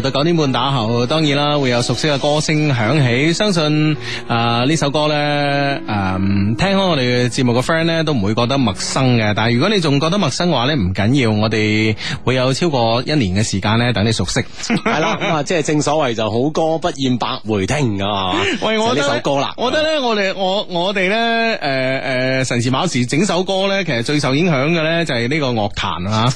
到九點半打後，當然啦，會有熟悉嘅歌聲響起。相信啊，呢、呃、首歌咧。嗯，聽開我哋嘅節目嘅 friend 咧，都唔會覺得陌生嘅。但係如果你仲覺得陌生嘅話咧，唔緊要，我哋會有超過一年嘅時間咧，等你熟悉。係啦，啊，即係正所謂就好歌不厭百回聽啊！喂，我呢首歌啦，我覺得咧，我哋我我哋咧，誒誒，神時卯時整首歌咧，其實最受影響嘅咧就係呢個樂壇啊，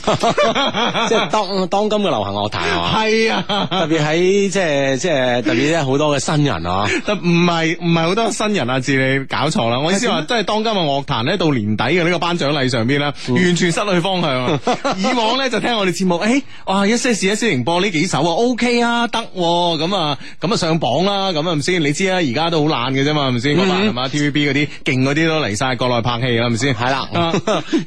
即係當當今嘅流行樂壇係嘛。係啊，特別喺即係即係特別咧好多嘅新人啊，唔係唔係好多新人啊，字你搞錯。我意思話，都係當今嘅樂壇咧，到年底嘅呢個頒獎禮上邊咧，完全失去方向。 以往咧就聽我哋節目，誒、欸，哇，一些事一些情播呢幾首啊，OK 啊，得咁啊，咁啊、嗯嗯、上榜啦，咁啊，係咪先？你知啊，而家都好懶，嘅啫嘛，係咪先？係嘛，TVB 嗰啲勁嗰啲都嚟晒國內拍戲，係咪先？係啦，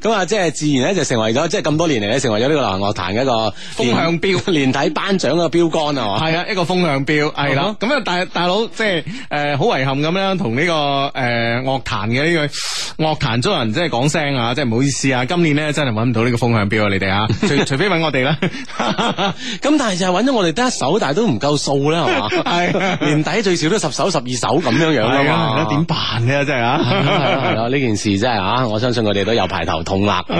咁啊，即係自然咧就成為咗，即係咁多年嚟咧，成為咗呢個流行樂壇嘅一個風向標，年底頒獎嘅標杆啊嘛。係 啊，一個風向標，係囉。咁啊，大大佬，即係誒，好、呃、遺憾咁樣同呢個誒。樂壇嘅呢個，樂壇中人即係講聲啊，即係唔好意思啊，今年咧真係揾唔到呢個風向標啊，你哋啊，除除非揾我哋啦，啊，咁 但係就揾咗我哋得一首，但係都唔夠數啦，係嘛，係年 底最少都十首十二首咁樣樣啦嘛，點辦咧真係啊，係 啊，呢，啊啊啊啊，件事真係啊，我相信我哋都有排頭痛啦，但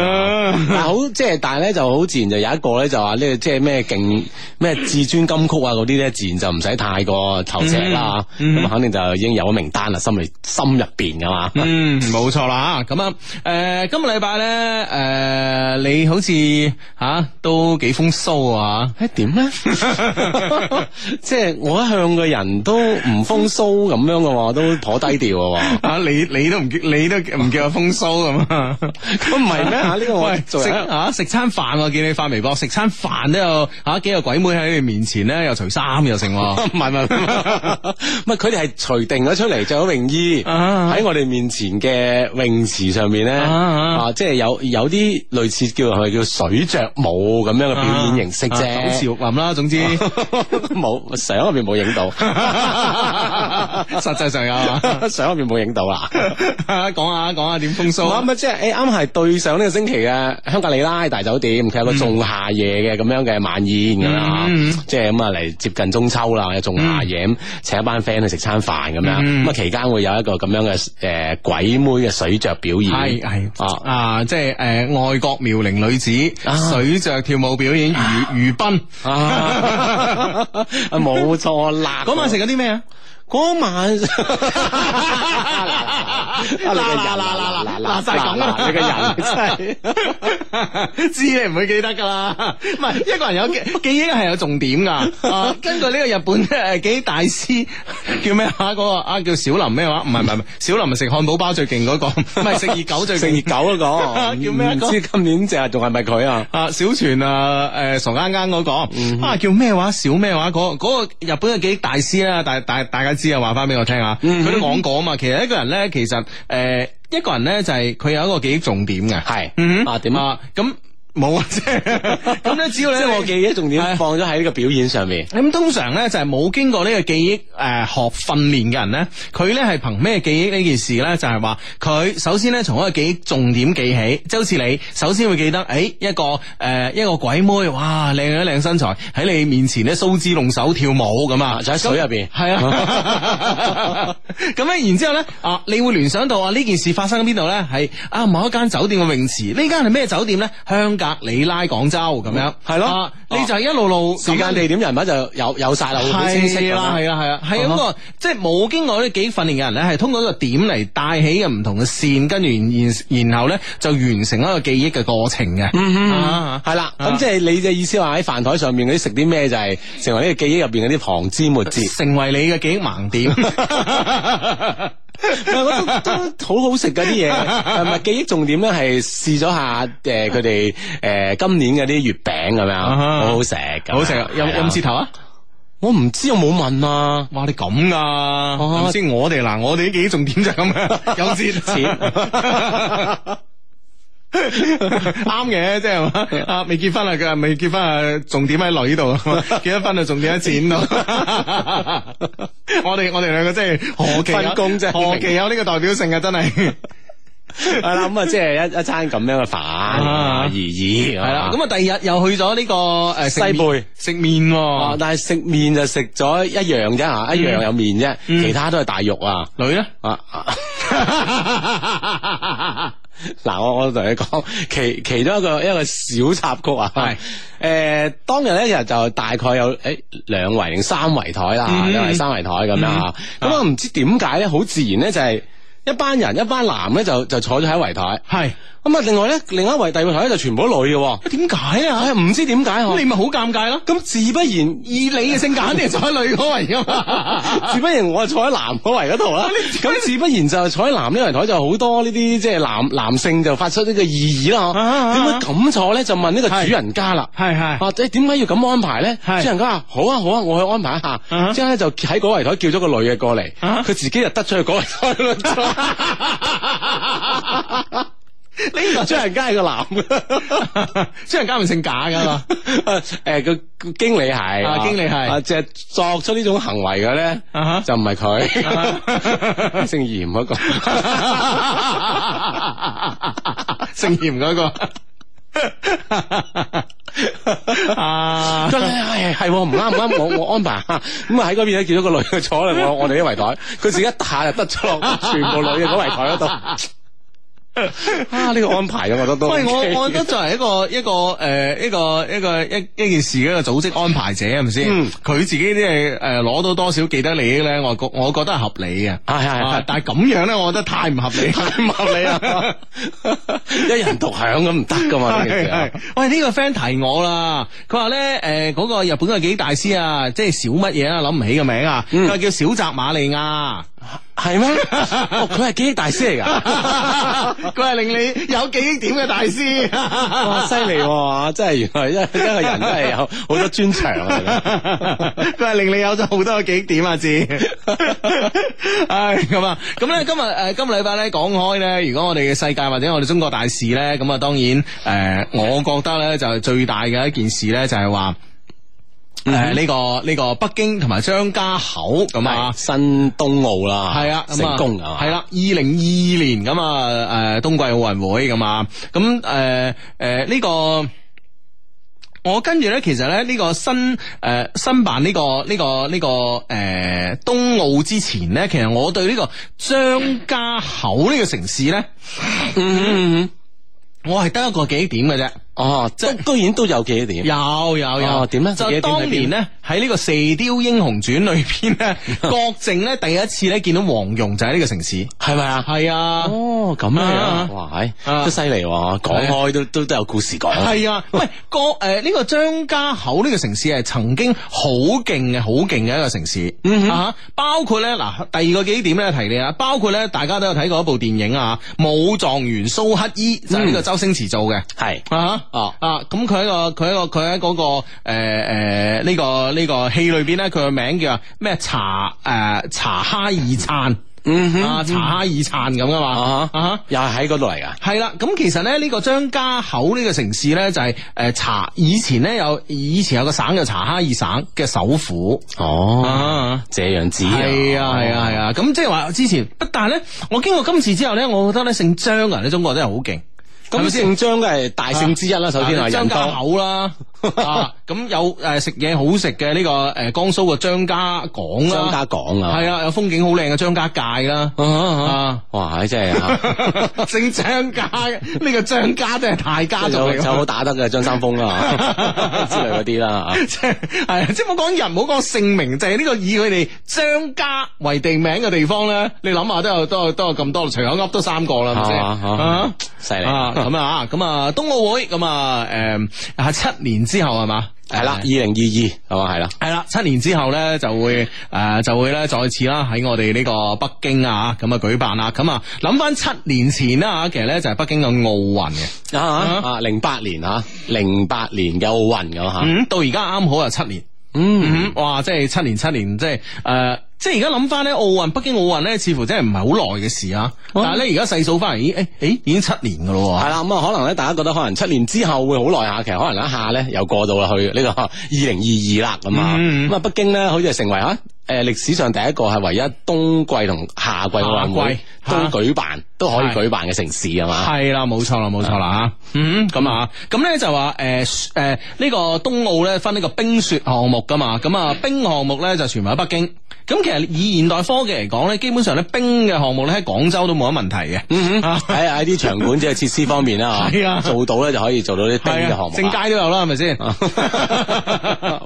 係好即係，但係咧就好自然就有一個咧就話咧即係咩勁咩至尊金曲啊嗰啲咧，自然就唔使太過頭赤啦，咁肯定就已經有咗名單啦，心裡心入邊。嗯，冇錯啦。咁啊，誒，今個禮拜咧，誒，你好似吓都幾風騷啊？點咧？即係我一向個人都唔風騷咁樣嘅，都頗低調嘅。啊，你你都唔叫你都唔叫我風騷咁啊？唔係咩？啊呢個我食啊食餐飯，我見你發微博食餐飯都有吓幾個鬼妹喺你面前咧，又除衫又成。唔係唔係唔係，佢哋係除定咗出嚟着咗泳衣喺我我哋面前嘅泳池上面咧，啊，即係、啊就是、有有啲類似叫係叫水着舞咁樣嘅表演形式啫，好似林啦。總之冇相入面冇影到，實際上有、啊，相入面冇影到啦。講下講下點風騷，啱啱即係誒，啱係對上呢個星期嘅香格里拉大酒店佢有個仲夏夜嘅咁樣嘅晚宴噶啦，即係咁啊嚟接近中秋啦，仲夏夜請一班 friend 去食餐飯咁樣，咁啊期間會有一個咁樣嘅。誒、呃，鬼妹嘅水着表演係係啊啊，啊即係誒，外、呃、國妙齡女子、啊、水着跳舞表演如如賓，冇錯啦。嗰晚食咗啲咩啊？嗰晚，嗱嗱嗱嗱嗱嗱嗱，嗱你嘅人，你人知你唔會記得噶啦，唔係一個人有記憶係有重點噶、啊，根據呢個日本誒記憶大師叫咩話？嗰、嗰個啊叫小林咩話？唔係唔係唔係，小林食漢堡包最勁、嗰個，唔係食熱狗最勁熱狗個，熱狗嗯、叫咩？唔知今年就係仲係咪佢啊？啊小泉啊，誒、呃、傻啱啱、嗰個，啊叫咩話？小咩話？嗰個嗰個嗰個日本嘅記憶大師啦，大大大家。大大知啊，話翻俾我聽啊，佢都講過啊嘛。其實一個人咧，其實誒、呃，一個人咧就係、是、佢有一個記憶重點嘅，係是、嗯、哼啊點啊咁。嗯。冇啊，即係咁咧，只要咧你我記憶重點咧，放咗喺呢個表演上面。咁 通常咧就係冇經過呢個記憶誒學訓練嘅人咧，佢咧係憑咩記憶呢件事咧？就係話佢首先咧從嗰個記憶重點記起，即係好似你首先會記得誒一個誒、呃、一個鬼妹，哇靚一靚身材喺你面前咧，梳脂弄手跳舞咁啊，就喺水入邊，係啊。咁咧然之後咧啊，你會聯想到啊呢件事發生喺邊度咧？係啊，某一間酒店嘅泳池。呢間係咩酒店咧？香。格里拉廣州咁樣，係咯，你就係一路路時間、地點、人物就有有晒啦，好清晰啦，係啊，係啊，係一個即係冇經過啲記憶訓練嘅人咧，係通過一個點嚟帶起嘅唔同嘅線，跟住然然後咧就完成一個記憶嘅過程嘅，係啦。咁即係你嘅意思話喺飯台上面嗰啲食啲咩就係成為呢個記憶入邊嗰啲旁枝末節，成為你嘅記憶盲點。都好好食噶啲嘢，係咪記憶重點咧，係試咗下誒佢哋。誒，今年嘅啲月餅咁樣，好好食噶，好食啊！有有折頭啊？我唔知，我冇問啊！哇，你咁啊！唔知我哋嗱，我哋啲重點就咁樣，有折錢，啱嘅，即係啊，未結婚啊，佢未結婚啊，重點喺女度，結咗婚就重點喺錢咯。我哋我哋兩個真係何其分工啫，何其有呢個代表性啊！真係。係啦，咁啊，即係一一餐咁樣嘅飯而已，係啦。咁啊，第二日又去咗呢個誒西貝食麵，但係食麵就食咗一樣啫吓，一樣有麵啫，其他都係大肉啊。女咧啊，嗱，我我同你講，其其中一個一個小插曲啊，係誒當日咧日就大概有誒兩圍三圍台啦，兩圍三圍台咁樣吓，咁啊唔知點解咧，好自然咧就係。一班人，一班男咧就就坐咗喺圍台，係咁啊！另外咧，另一圍第二個台咧就全部女嘅。點解啊？唔知點解你咪好尷尬咯！咁自不然以你嘅性格，肯定坐喺女嗰圍噶嘛，自不然我就坐喺男嗰圍嗰度啦。咁自不然就坐喺男呢圍台就好多呢啲即係男男性就發出呢個異議啦嗬。點解咁坐咧？就問呢個主人家啦，係係，或者點解要咁安排咧？主人家啊，好啊好啊，我去安排一下，之後咧就喺嗰圍台叫咗個女嘅過嚟，佢自己就得出去嗰圍台咯。呢個張人佳係個男嘅， 張人佳唔姓賈噶嘛？誒，個經理係，經理係、啊啊，即係作出呢種行為嘅咧，uh huh. 就唔係佢姓嚴嗰、嗰個， 姓嚴嗰、嗰個。 啊， 真係係，係唔啱唔啱我我安排，吓。咁啊喺嗰邊咧見到個女嘅坐喺我我哋啲圍台，佢 自己一下就得咗落，全部女嘅嗰圍台嗰度。 啊！呢個安排啊，我覺得都係，我我覺得作為一個一個誒一個一個一一件事一個組織安排者係咪先？佢自己啲誒攞到多少記得利益咧，我覺我覺得係合理嘅，係係但係咁樣咧，我覺得太唔合理，太唔合理啦，一人獨享咁唔得噶嘛。其實喂，呢個 friend 提我啦，佢話咧誒嗰個日本嘅記憶大師啊，即係小乜嘢啊，諗唔起個名啊，佢話叫小澤瑪利亞，係咩？哦，佢係記憶大師嚟噶？佢係令你有記憶點嘅大師，犀利喎，真係原來一一個人都係有好多專長。佢係 令你有咗好多嘅記憶點啊字。唉，咁 啊、 哎，咁咧今日誒、呃、今個禮拜咧講開咧，如果我哋嘅世界或者我哋中國大事咧，咁啊當然誒、呃，我覺得咧就係、是、最大嘅一件事咧，就係話。誒，呢個呢個北京同埋張家口咁啊，申冬奧啦，係啊， 對成功係嘛，係啦，二零二二年咁啊，誒，冬季奧運會咁啊，咁誒誒呢個，我跟住咧，其實咧呢個申誒申辦呢個呢個呢個誒申冬奧之前咧，其實我對呢個張家口呢個城市咧。我係得一個幾點嘅啫，哦，都居然都有幾點，有有有，點咧？就當年咧喺呢個《射雕英雄傳》裏邊咧，郭靖咧第一次咧見到黃蓉就喺呢個城市，係咪？啊？係啊，哦，咁啊，哇，唉，都犀利喎，講開都都都有故事講。係啊，喂，郭誒，呢個張家口呢個城市係曾經好勁嘅，好勁嘅一個城市，嗯吓，包括咧嗱，第二個幾點咧提你啊，包括咧大家都有睇過一部電影啊，《武狀元蘇乞衣》，就係呢個周星馳做嘅係是啊、哦、啊，啊，咁佢喺個佢喺、呃這個佢喺嗰個誒誒呢個呢個戲裏邊咧，佢嘅名叫咩察誒、呃、察哈爾燦，嗯哼啊察哈爾燦咁啊嘛哈，又係喺嗰度嚟噶，係啦，咁、啊、其實咧呢個張家口呢個城市咧就係誒察以前咧有以前有，以前有個省叫察哈爾省嘅首府哦，啊這樣子係啊係啊係啊，咁即係話之前不，但係咧我經過今次之後咧，我覺得咧姓張啊，喺中國真係好勁。咁姓張嘅係大姓之一啦，啊、首先係張家口啦。啊啊，咁有誒食嘢好食嘅呢個誒江蘇嘅張家港啦，張家港啊，係啊，有風景好靚嘅張家界啦，哇，唉，真係姓張家嘅呢個張家真係大家族嚟，就好打得嘅張三豐啦，之類嗰啲啦，即係係啊，即係唔好講人，唔好講姓名，就係呢個以佢哋張家為地名嘅地方咧，你諗下都有都都有咁多，隨口噏都三個啦，係咪？吓，犀利咁啊，咁啊，冬奧會咁啊，誒，七年之後係嘛，係啦，二零二二係嘛，係啦，係啦，七年之後咧就會誒、呃、就會咧再次啦喺我哋呢個北京啊咁啊，舉辦啦，咁啊諗翻七年前啦啊，其實咧就係北京嘅奧運嘅啊零八吧、啊、年啊零八年嘅奧運咁吓，嗯、到而家啱好又、就是、七年，嗯，嗯哇，即、就、係、是、七年七年即係誒。就是呃即係而家諗翻咧，奧運北京奧運咧，似乎真係唔係好耐嘅事啊。但係咧，而家細數翻嚟，咦？誒，誒，已經七年噶咯喎。係啦，咁啊，可能咧，大家覺得可能七年之後會好耐下，其實可能一下咧又過到啦去呢個二零二二啦咁啊。咁啊，北京咧好似係成為吓誒歷史上第一個係唯一冬季同夏季奧運都舉辦都可以舉辦嘅城市啊嘛。係啦，冇錯啦，冇錯啦吓。嗯，咁啊，咁咧就話誒誒呢個冬奧咧分呢個冰雪項目噶嘛。咁啊，冰項目咧就全部喺北京。咁其實以現代科技嚟講咧，基本上咧冰嘅項目咧喺廣州都冇乜問題嘅。喺喺啲場館即係設施方面啦，係啊，做到咧就可以做到啲冰嘅項目。 正佳都有啦，係咪先？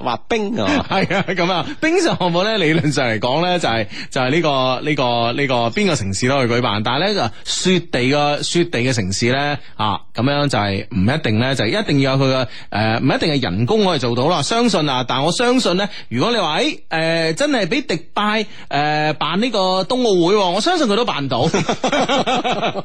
滑 冰啊，係啊， 咁啊、就是，冰上項目咧理論上嚟講咧就係就係呢個呢、這個呢、這個邊、這個這個、個城市都可以舉辦，但係咧就雪地個雪地嘅城市咧啊咁樣就係唔一定咧，就係、一定要有佢嘅，誒、呃、唔一定係人工可以做到啦。相信啊，但我相信咧，如果你話誒、欸欸欸欸呃欸欸、真係俾敵拜誒、呃、辦呢個冬奧會，哦，我相信佢都辦到。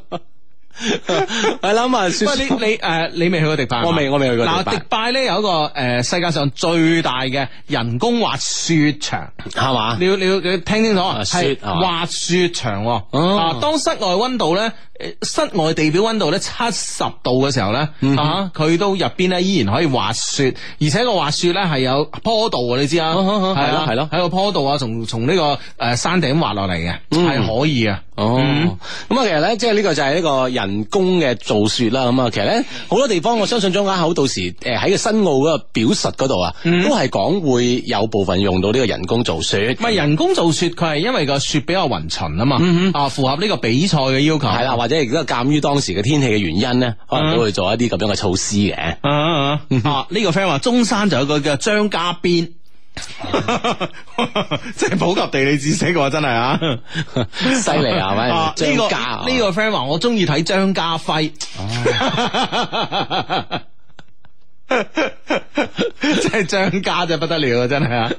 我諗啊，喂你誒你未去過迪拜？我未我未去過。迪拜咧有一個誒世界上最大嘅人工滑雪場，係嘛？你要你要聽清楚，係滑雪場。啊，當室外溫度咧，室外地表溫度咧七十度嘅時候咧，吓佢都入邊咧依然可以滑雪，而且個滑雪咧係有坡度你知啊，係咯係咯，喺個坡度啊，從從呢個誒山頂滑落嚟嘅，係可以啊。哦，咁啊，其實咧即係呢個就係呢個人人工嘅造雪啦，咁啊，其實咧好多地方，我相信張家口到時誒喺個新澳嗰個表述嗰度啊，嗯、都係講會有部分用到呢個人工造雪。唔係人工造雪，佢係因為個雪比較勻勻、嗯、哼啊嘛，啊符合呢個比賽嘅要求係啦、嗯哼，或者亦都鑒於當時嘅天氣嘅原因咧，可能都會做一啲咁樣嘅措施嘅。吓、嗯哼，呢、啊嗯啊這個 friend 話中山就有個叫張家邊。即係普及地理知識嘅話，真係啊，犀利啊，係咪呢個呢個 friend 話我中意睇張家輝？ 真係漲價，就不得了，啊，真係啊！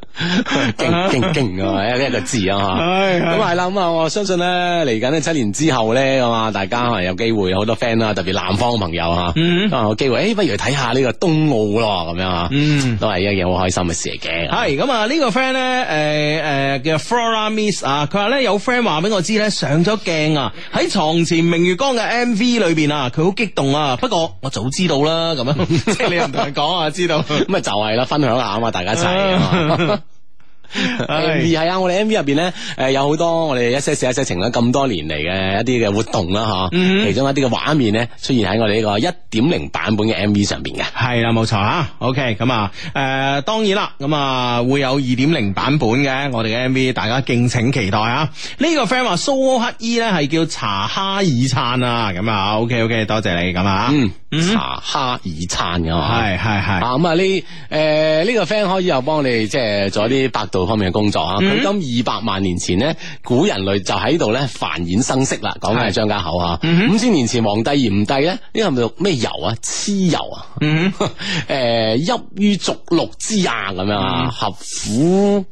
驚驚驚啊！一一個字啊，咁係啦咁啊！我相信咧，嚟緊咧七年之後咧，啊大家可能有機會，好多 friend 啦，特別南方嘅朋友啊，啊，個機會，誒、欸，不如去睇下呢個東澳咯，咁樣啊，都係一件好開心嘅事嚟嘅。係咁、 呃、啊，呢個 friend 咧，誒誒叫 Flora Miss 啊，佢話咧有 friend 話俾我知咧，上咗鏡啊，喺床前明月光嘅 MV 裏邊啊，佢好激動啊，不過我早知道啦，咁樣，即、就、係、是、你有講啊知道，咁啊 就係啦，分享下啊嘛，大家一齊。啊 係啊！我哋 M V 入邊咧，誒、呃、有好多我哋一些事、一些情啦，咁多年嚟嘅一啲嘅活動啦，吓、嗯，其中一啲嘅畫面咧出現喺我哋呢個一點零版本嘅 M V 上邊嘅。係啦、嗯，冇錯吓。O K，咁啊，誒、OK，嗯嗯，當然啦，咁啊會有二點零版本嘅我哋嘅 M V，大家敬請期待啊！呢、這個 friend 話蘇黑衣咧係叫查哈爾燦啊，咁啊，O K O K，多謝你咁啊，嗯，查哈爾燦嘅係係係啊，咁啊呢誒呢個 friend 可以又幫我哋即係做一啲白。做方面嘅工作啊！距今，嗯，二百萬年前咧，古人類就喺度咧繁衍生息啦。講緊係張家口啊，嗯，五千年前黃帝炎帝咧，呢個係咪咩油啊？蚩尤啊？誒，嗯，邑於涿鹿之阿咁樣啊，合乎。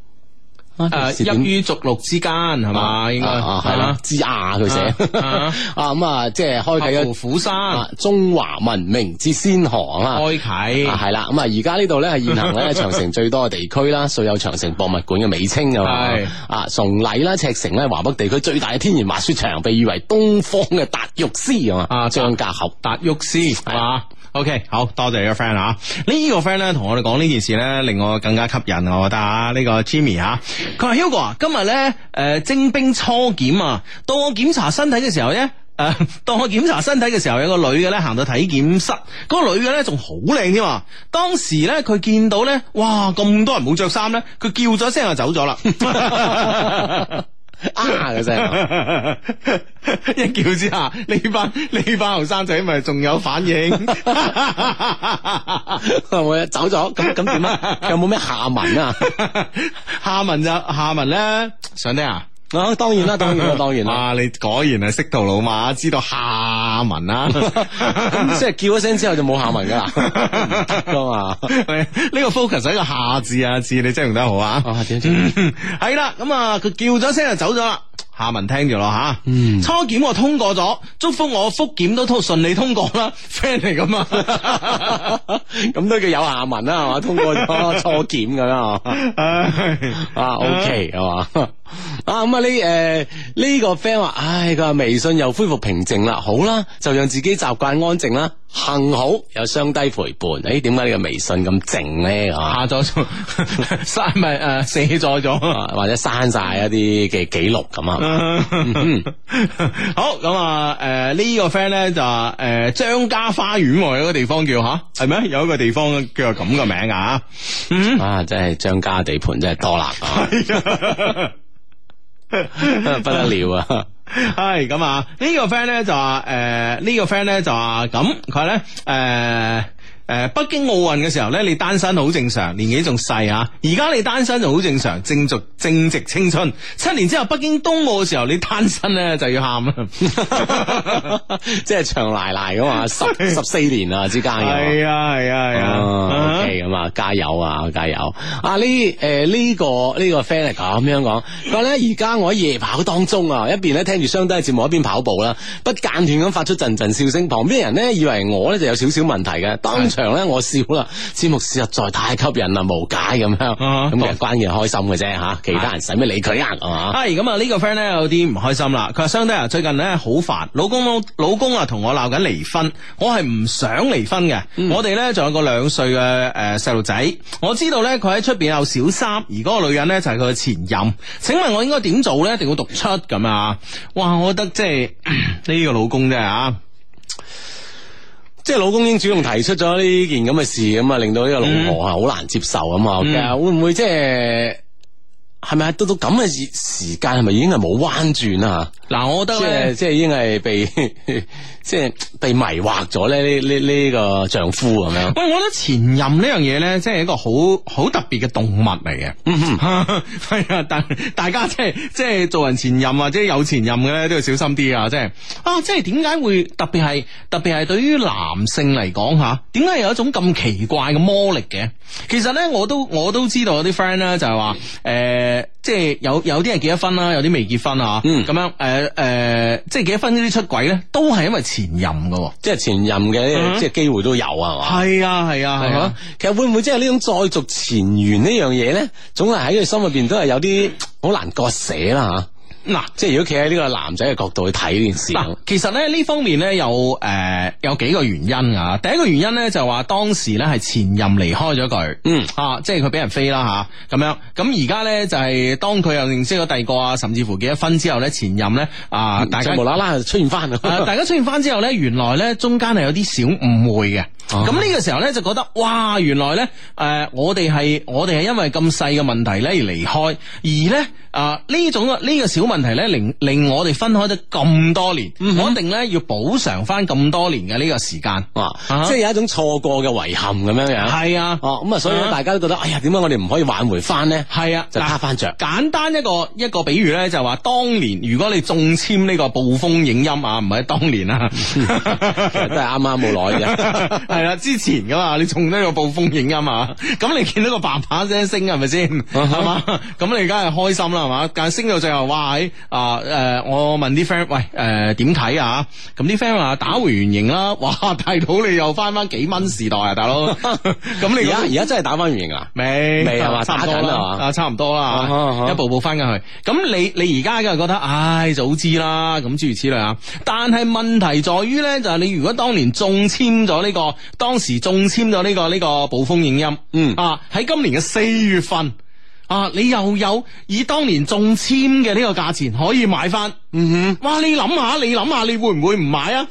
啊！入於逐鹿之間，係嘛？應該係啦，之亞佢寫啊！咁啊，即係開啟咗虎山中華文明之先河啊！開啟係啦，咁啊，而家呢度咧係現行咧長城最多嘅地區啦，素有長城博物館嘅美稱噶嘛。啊，崇禮啦，赤城咧，華北地區最大嘅天然滑雪場，被譽為東方嘅達沃斯啊！張家口達沃斯啊！OK，好多謝你、啊呢個 friend 啦，呢個 friend 咧同我哋講呢件事咧，令我更加吸引，我覺得啊，呢、呢個 Jimmy 啊，佢話 Hugo 啊，go, 今日咧，誒、呃、徵兵初檢啊，到我檢查身體嘅時候咧，誒、呃，到我檢查身體嘅時候，有個女嘅咧行到體檢室，嗰、嗰個女嘅咧仲好靚添啊，當時咧佢見到咧，哇，咁多人冇着衫咧，佢叫咗聲就走咗啦。 啊嘅聲，啊、 一叫之下，呢班呢班後生仔咪仲有反應，係 咪 走咗？咁咁點啊？有冇咩下文啊？ 下文就下文咧，想聽啊！啊，當然啦，當然啦，當然啦！你果然係識途老馬，知道下文啦， 即係叫一聲之後就冇下文噶啦，哥啊，係呢個 focus 喺個下字啊字，你真係用得好、 嗯、啊！係啦，咁啊， 佢叫咗聲就走咗啦，下文聽住咯吓，啊嗯、初檢我通過咗，祝福我複檢都通順利通過啦，friend 嚟噶嘛，咁都、 啊、 叫有下文啦係嘛，通過咗初檢噶啦，啊、 uh, OK 係嘛。啊咁啊呢誒呢個 friend 話，唉、哎、佢、這個、微信又恢復平靜啦，好啦就讓自己習慣安靜啦。幸好有雙低陪伴，誒點解你個微信咁靜咧？啊、下咗咗刪咪誒死咗咗，或者刪晒一啲嘅記錄咁 啊。嗯、好咁啊誒呢個 friend 咧就誒、是、張、嗯、家花園有一個地方叫吓係咩？有一個地方叫咁個名啊。名啊，嗯、啊真係張家地盤真係多啦。啊 不得了啊！係咁啊，呢個 friend 咧就話，誒，呢個 friend 咧就話咁，佢話咧，誒。誒，北京奧運嘅時候咧，你單身好正常，年紀仲細啊。而家你單身就好正常，正值正值青春。七年之後，北京冬奧嘅時候，你單身咧就要喊啦，即係 長奶奶噶嘛。十十四年啊之間嘅，係啊係啊係啊。OK，咁、嗯、啊，加油啊，加油。阿李誒，這個、like, 呢個呢個 friend 係咁樣講，但係咧而家我喺夜跑當中啊，一邊咧聽住雙低嘅節目，一邊跑步啦，不間斷咁發出陣陣笑聲旁。旁邊人咧以為我咧就有少少問題嘅，當。 場咧我笑啦，節目實在太吸引啦，無解咁樣，咁我係關佢開心嘅啫吓，uh huh。其他人使咩理佢啊？啊、uh，咁啊呢個 friend 咧有啲唔開心啦，佢話兄弟啊，最近咧好煩，老公老公啊同我鬧緊離婚，我係唔想離婚嘅，uh huh。我哋咧仲有個兩歲嘅誒細路仔，我知道咧佢喺出邊有小三，而嗰個女人咧就係佢嘅前任，請問我應該點做咧？一定要讀出咁啊？哇，我覺得即係呢、呃這個老公真係啊！即係老公已經主動提出咗呢件咁嘅事，咁啊令到呢個老婆啊好難接受咁啊，其、嗯、會唔會即係係咪到到咁嘅時時間，係咪已經係冇彎轉啦？嗱、啊，我覺得即係即係已經係被。 即係被迷惑咗咧，呢呢呢個丈夫咁樣。喂，我覺得前任呢樣嘢咧，即係一個好好特別嘅動物嚟嘅。嗯哼，係啊，大大家即係即係做人前任或者有前任嘅咧，都要小心啲啊！即係啊，即係點解會特別係特別係對於男性嚟講吓，啊，點解有一種咁奇怪嘅魔力嘅？其實咧，我都我都知道有啲 friend 咧，就係話誒。呃即係有有啲人結咗婚啦，有啲未結婚啊，咁、嗯、樣誒誒、呃，即係結咗婚呢啲出軌咧，都係因為前任噶，即係前任嘅、uh huh. 即係機會都有、uh huh. 係嘛，係啊係啊係啊，係嘛其實會唔會即係呢種再續前緣呢樣嘢咧，總係喺佢心入邊都係有啲好難割捨啦吓。啊嗱，即係如果企喺呢個男仔嘅角度去睇呢件事，嗱，其實咧呢方面咧有誒、呃、有幾個原因啊。第一個原因咧就話當時咧係前任離開咗佢，嗯啊，即係佢俾人飛啦吓，咁、啊、樣。咁而家咧就係當佢又認識咗第二個啊，甚至乎結咗婚之後咧，前任咧啊，大家就無啦啦出現翻 大家出現翻之後咧，原來咧中間係有啲小誤會嘅。咁呢、啊、個時候呢，就覺得哇，原來呢，誒、呃，我哋係我哋係因為咁細嘅問題呢而離開，而呢啊呢、呃、種呢、這個小問題呢，令令我哋分開咗咁多年，肯定呢要補償翻咁多年嘅呢個時間，啊啊、即係有一種錯過嘅遺憾咁樣樣。係啊，哦咁啊,啊，所以大家都覺得，哎呀，點解我哋唔可以挽回翻呢？係啊，啊就打翻着。啊，簡單一個一個比喻呢，就話當年如果你中簽呢個暴風影音啊，唔係當年啊，都係啱啱冇耐嘅。.係啦，之前噶嘛，你中咗個暴風影音噶嘛，咁 你見到個啪啪聲升係咪先？係嘛，咁、uh huh. 你梗係開心啦，係嘛？但係升到最後，哇！誒，誒，我問啲 friend，喂，誒、呃，點睇啊？咁啲 friend 話打回原形啦，哇！大佬你又翻翻幾蚊時代啊，大佬！咁 你而家而家真係打翻原形啊？未未係嘛？差唔多啦，差唔多啦，一步步翻緊去。咁你你而家梗係覺得，唉、哎，早知啦。咁諸如此類啊。但係問題在於咧，就係、是、你如果當年中簽咗呢個。當時中簽咗呢個呢個暴風影音，嗯啊喺今年嘅四月份。啊！你又有以當年中簽嘅呢個價錢可以買翻，嗯哼，哇！你諗下，你諗下，你會唔會唔買啊？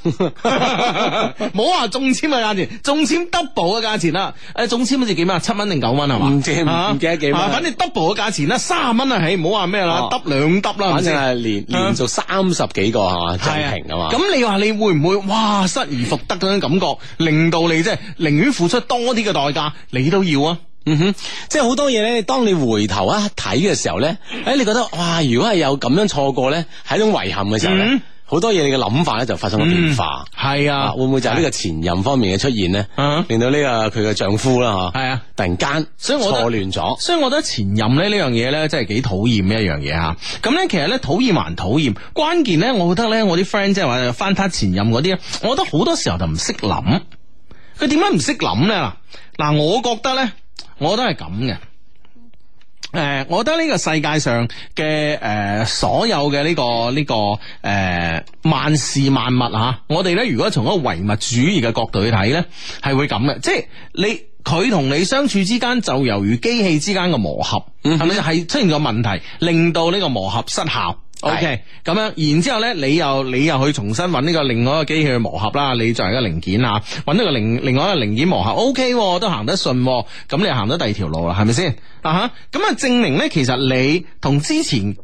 冇話中簽嘅價錢，中簽 double 嘅價錢啦。誒，中簽好似幾蚊啊？七蚊定九蚊係嘛？唔知唔記得幾蚊，反正 double 嘅價錢啦，三蚊啊，唉，唔好話咩啦，得兩得啦。反正係連連續三十幾個係嘛，就平啊嘛。咁你話你會唔會哇失而復得嗰種感覺，令到你即係寧願付出多啲嘅代價，你都要啊？嗯哼，即係好多嘢咧。當你回頭一睇嘅時候咧，誒，你覺得哇，如果係有咁樣錯過咧，係一種遺憾嘅時候咧，好、嗯、多嘢你嘅諗法咧就發生咗變化。係、嗯、啊，會唔會就係呢個前任方面嘅出現咧，啊、令到呢、這個佢嘅丈夫啦吓，係啊，突然間，所以我錯亂咗。所以我覺得前任咧呢樣嘢咧，真係幾討厭呢一樣嘢吓。咁咧，其實咧討厭還討厭，關鍵咧，我覺得咧，我啲 friend 即係話翻撻前任嗰啲咧，我覺得好多時候就唔識諗。佢點解唔識諗咧嗱？我覺得咧。我覺得係咁嘅，誒、呃，我覺得呢個世界上嘅，誒、呃、所有嘅呢、這個呢、這個誒、呃、萬事萬物吓、啊，我哋咧如果從一個唯物主義嘅角度去睇咧，係會咁嘅，即係你佢同你相處之間就猶如機器之間嘅磨合，係咪係出現咗問題，令到呢個磨合失效？O K，咁樣，okay，然之後呢，你又你又去重新揾呢個另外一個機器去磨合啦，你作為一個零件啊，揾一個另另外一個零件磨合，O、okay, K，都行得順，咁你行到第二條路啦，係咪先？啊哈，咁啊，證明呢，其實你同之前。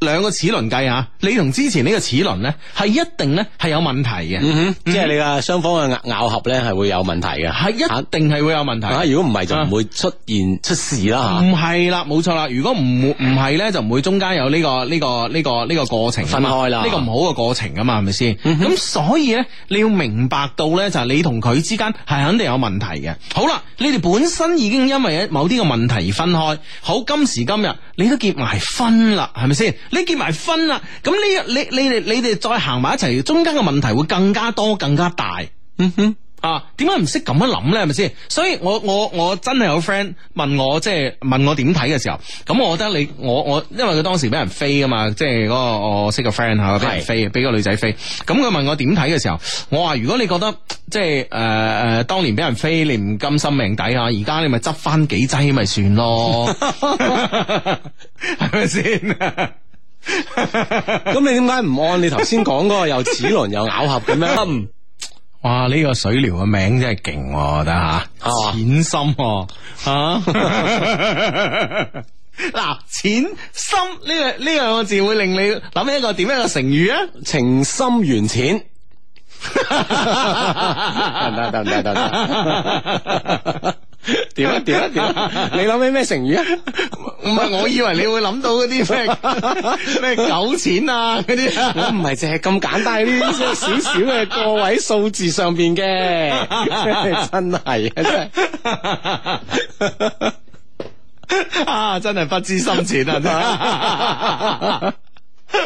兩個齒輪計吓，你同之前呢個齒輪呢，係一定呢係有問題嘅，嗯、哼即係你嘅雙方嘅咬合呢，係會有問題嘅，係、啊、一定係會有問題。如果唔係就唔會出現出事啦。唔係啦，冇錯啦。如果唔唔係呢，就唔會中間有呢個呢個呢個呢個過程分開啦，呢個唔好嘅過程啊嘛，係咪先？咁、嗯、哼所以呢，你要明白到呢，就係你同佢之間係肯定有問題嘅。好啦，你哋本身已經因為某啲嘅問題而分開，好今時今日你都結埋婚啦，係咪先？你結埋婚啦，咁你你你哋你哋再行埋一齊，中間嘅問題會更加多，更加大。嗯哼，啊，點解唔識咁樣諗咧？係咪先？所以我我我真係有 friend 問我，即係問我點睇嘅時候，咁我覺得你我我，因為佢當時俾人飛啊嘛，即係嗰個我識個 friend 啊俾人飛，俾是個女仔飛。咁佢是問我點睇嘅時候，我話如果你覺得即係誒誒，當年俾人飛你唔甘心命底啊，而家你咪執翻幾劑咪算咯，係咪先？ 咁你點解唔按你頭先講嗰個又齒輪又咬合嘅咩？哇！呢、這個水療嘅名真係勁，我覺得吓淺心吓。嗱、啊，淺心呢個呢兩個字會令你諗起一個點樣嘅成語啊？ 情深緣原淺。得得得得。行 點啊點啊點啊！ 你諗起咩成語啊？唔係是 我以為你會諗到嗰啲咩咩狗錢啊嗰啲，我唔係淨係咁簡單啲少少嘅個位數字上邊嘅， 真係 啊真係啊真係不知深淺啊！ 唉、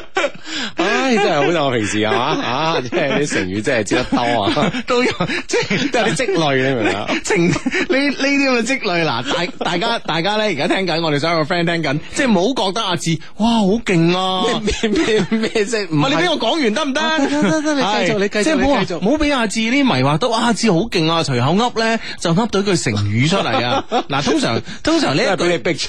哎，真係好似我平時係嘛啊！即係啲成語真，真係知得多啊， 都有即係都有啲積累，你明唔明？成呢呢啲咁嘅積累嗱，大家大家大家咧，而家聽緊我哋所有嘅 friend 聽緊，即係唔好覺得阿志哇好勁啊！咩咩咩即係唔係你俾我講完得唔得？得得得， 你繼續，你繼續，唔好俾沒阿志呢迷話得、啊，阿志好勁啊，隨口噏咧就噏到句成語出嚟啊！嗱、啊，通常通常呢句 俾你逼出，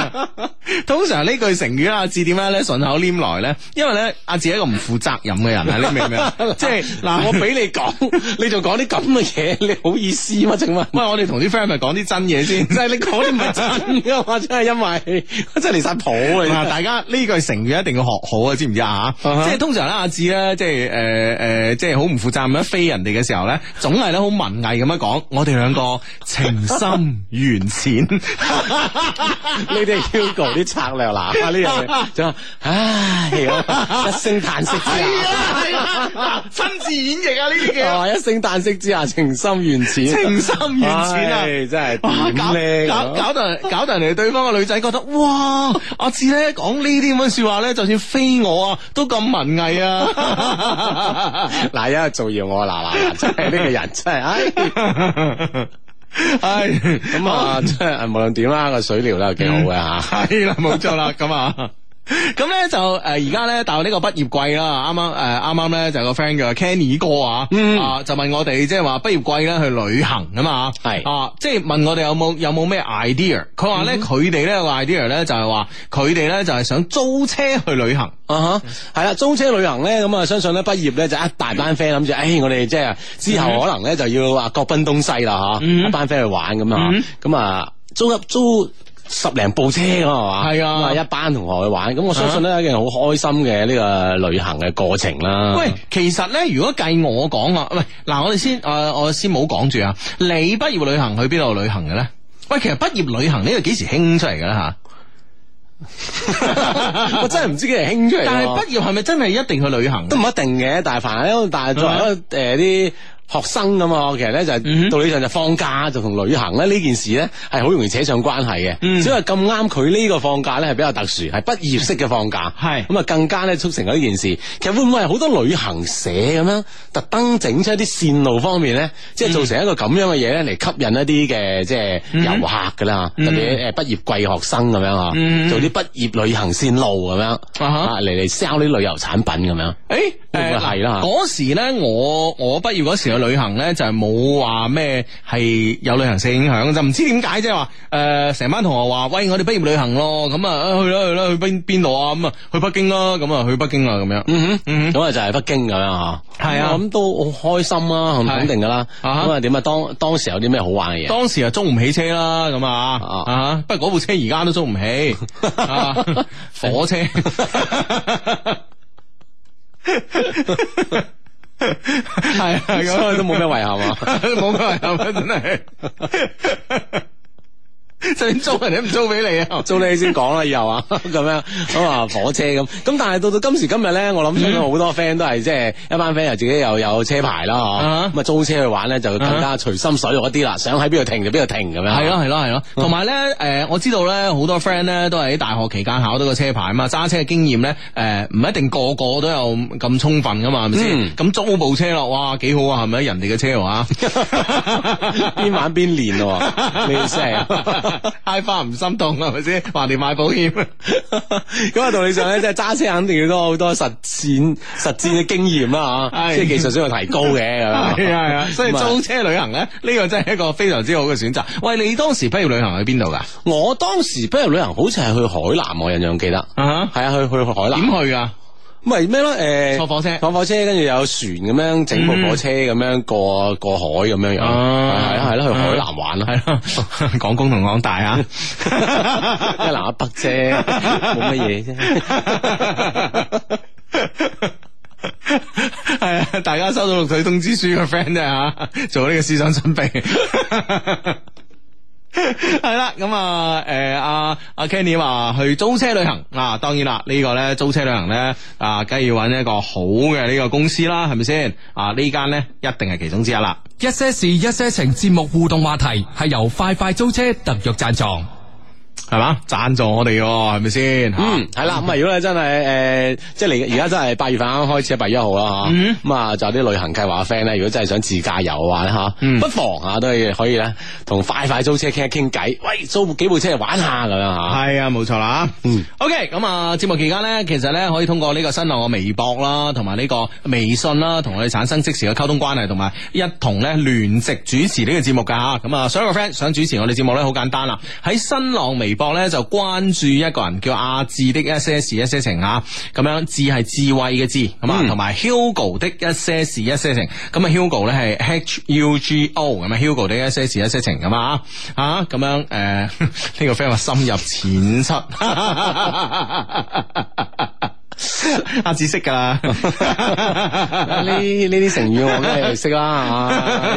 通常呢句成語阿志點樣咧順口。來咧，因為咧阿智係一個唔負責任嘅人啊，你明唔明？即係嗱，我俾你講，你就講啲咁嘅嘢，你好意思嗎？正話唔係我哋同啲 friend 咪講啲真嘢先，即係你講啲唔係真嘅話，真係因為真係離晒譜嘅。大家呢句成語一定要學好啊，知唔知啊？即係通常咧，阿智咧，即係誒誒，即係好唔負責任咁樣飛人哋嘅時候咧，總係咧好文藝咁樣講。我哋兩個情深緣淺，你哋係 Hugo 啲策略，嗱，呢樣嘢唉，一聲嘆息之下，親、 啊啊、自演繹啊呢啲嘢。哦，一聲嘆息之下，情深緣淺，情深緣淺啊！哎、真係咁搞搞，搞到搞到人哋對方嘅女仔覺得哇！我知咧講呢啲咁嘅說話咧，就算飛我啊都咁文藝啊！嗱，一日造謠我嗱嗱，真係呢個人真係唉， 唉咁啊，真係無論點啦個水療都係幾好嘅吓，係啦，冇錯啦，咁啊。咁咧 就誒而家咧大學呢個畢業季啦，啱啱誒啱啱咧就有個 friend 叫 Kenny 哥啊，啊、mm hmm. 呃、就問我哋即係話畢業季咧去旅行啊嘛，係啊即係、就是、問我哋有冇有冇咩 idea？佢話咧佢哋咧個 idea 咧就係話佢哋咧就係、是、想租車去旅行啊嚇，係、mm hmm. 啦租車旅行咧咁啊相信咧畢業咧就一大班 friend 諗住，唉、哎、我哋即係之後可能咧就要話各奔東西啦嚇，mm hmm. 一班 friend 去玩咁啊，咁啊租租。Hmm. Mm hmm. mm 十零部車噶係嘛？係啊、嗯，一班同學去玩，咁我相信咧、啊、一定好開心嘅呢、呢個旅行嘅過程啦、呃。喂，其實咧如果計我講啊，喂，嗱，我哋先，我我先冇講住啊，你畢業旅行去邊度旅行嘅咧？喂，其實畢業旅行呢個幾時興出嚟嘅咧吓？我真係唔知幾時興出嚟。 但係畢業係咪真係一定去旅行？都唔一定嘅，但係凡係，但係作為一個誒啲。嗯嗯學生咁嘛，其實咧就道理上就放假就同、嗯、哼旅行咧呢件事咧係好容易扯上關係嘅，嗯、只係咁啱佢呢個放假咧係比較特殊，係畢業式嘅放假，係咁啊更加咧促成咗呢件事。其實會唔會係好多旅行社咁樣特登整出一啲線路方面咧，即係做成一個咁樣嘅嘢咧嚟吸引一啲嘅即係遊客㗎啦，嗯、特別誒畢業季學生咁樣啊，嗯、做啲畢業旅行線路咁樣、嗯、哼啊嚟嚟 sell 啲旅遊產品咁樣。誒、欸，係啦，嗰、欸呃、時咧我我畢業嗰時候。旅行咧就係冇話咩係有旅行性影響，就唔知點解，即係話，誒成班同學話，喂，我哋畢業旅行咯，咁啊去啦去啦去邊邊度啊，咁啊去北京啦，咁啊去北京啊咁樣，咁啊就係北京咁 樣吓係啊，咁都好開心啊，肯定噶啦。咁啊點啊當當時有啲咩好玩嘅嘢 當時啊租唔起車啦，咁啊不過嗰部車而家都租唔起火車。 係啊，咁樣都冇咩遺憾啊，冇咩遺憾啊，真係。真租人哋唔租俾你啊！租你先講啦，以後啊，咁樣咁啊火車咁。咁但係到到今時今日咧，我諗咗好多 friend 都係即係一班 friend 又自己又有，有車牌啦，咁啊、uh huh. 租車去玩咧就更加隨心所欲一啲啦，uh huh. 想喺邊度停就邊度停咁樣。係咯係咯係咯。同埋咧，誒、啊啊嗯呃、我知道咧好多 friend 咧都係喺大學期間考到個車牌啊嘛，揸車嘅經驗咧誒唔一定個個都有咁充分噶嘛，係咪先？咁、huh. 嗯、租部車咯，哇幾好啊，係咪？人哋嘅車啊，邊玩邊練啊，咩聲啊？I 花唔心痛啊，咪先？話你買保險，咁個 道理上咧，即係揸車肯定要多好多實踐 實戰嘅經驗啦吓， 即係技術先會提高嘅，所以租車旅行咧呢是個真係一個非常之好嘅選擇。喂，你當時畢業旅行喺邊度噶？我當時畢業旅行好似係去海南，我印象記得。啊係、uh huh. 啊，去去海南。點去啊？唔係咩咯？誒，欸、坐火車，坐火車，跟住有船咁樣，整部火車咁樣、嗯、過過海咁樣樣，係啦係啦，去海南玩咯，係啦，廣工同廣大啊， 一南一北啫，冇乜嘢啫。係啊，大家收到錄取通知書嘅 friend 啫吓，做呢個思想準備。 係啦，咁啊，誒，阿阿 Kenny 話去租車旅行啊，當然啦，呢個咧租車旅行咧啊，梗係要揾一個好嘅呢個公司啦，係咪先？啊，呢間咧一定係其中之一啦。一些事一些情節目互動話題係由快快租車特約贊助。係嘛贊助我哋係咪先？是是嗯，係啦。咁、嗯、如果你真係誒、呃，即係而而家真係八月份啱開始啊，八月一號啦吓。咁啊、嗯，就有啲旅行計劃嘅 friend 咧，如果真係想自駕遊嘅話咧吓，嗯、不妨啊都係可以咧，同快快租車傾一傾偈。喂，租幾部車嚟玩下咁樣吓。係啊，冇錯啦。嗯。O K，咁啊節目期間咧，其實咧可以通過呢個新浪嘅微博啦，同埋呢個微信啦，同我哋產生即時嘅溝通關係，同埋一同咧聯席主持呢個節目噶吓。咁啊，啊，所有嘅 friend 想主持我哋節目咧，好簡單啦，喺新浪微我咧就關注一個人叫阿智的一些事一些情啊，咁樣，智係智慧嘅智，咁啊，同埋 Hugo 的一些事一些情，咁啊 Hugo 咧係 H U G O，咁啊 Hugo 的一些事一些情，咁啊啊，咁樣誒，呢個 friend 深入淺出。哈哈哈哈 阿子識噶，呢呢啲成語我梗係識啦，呢、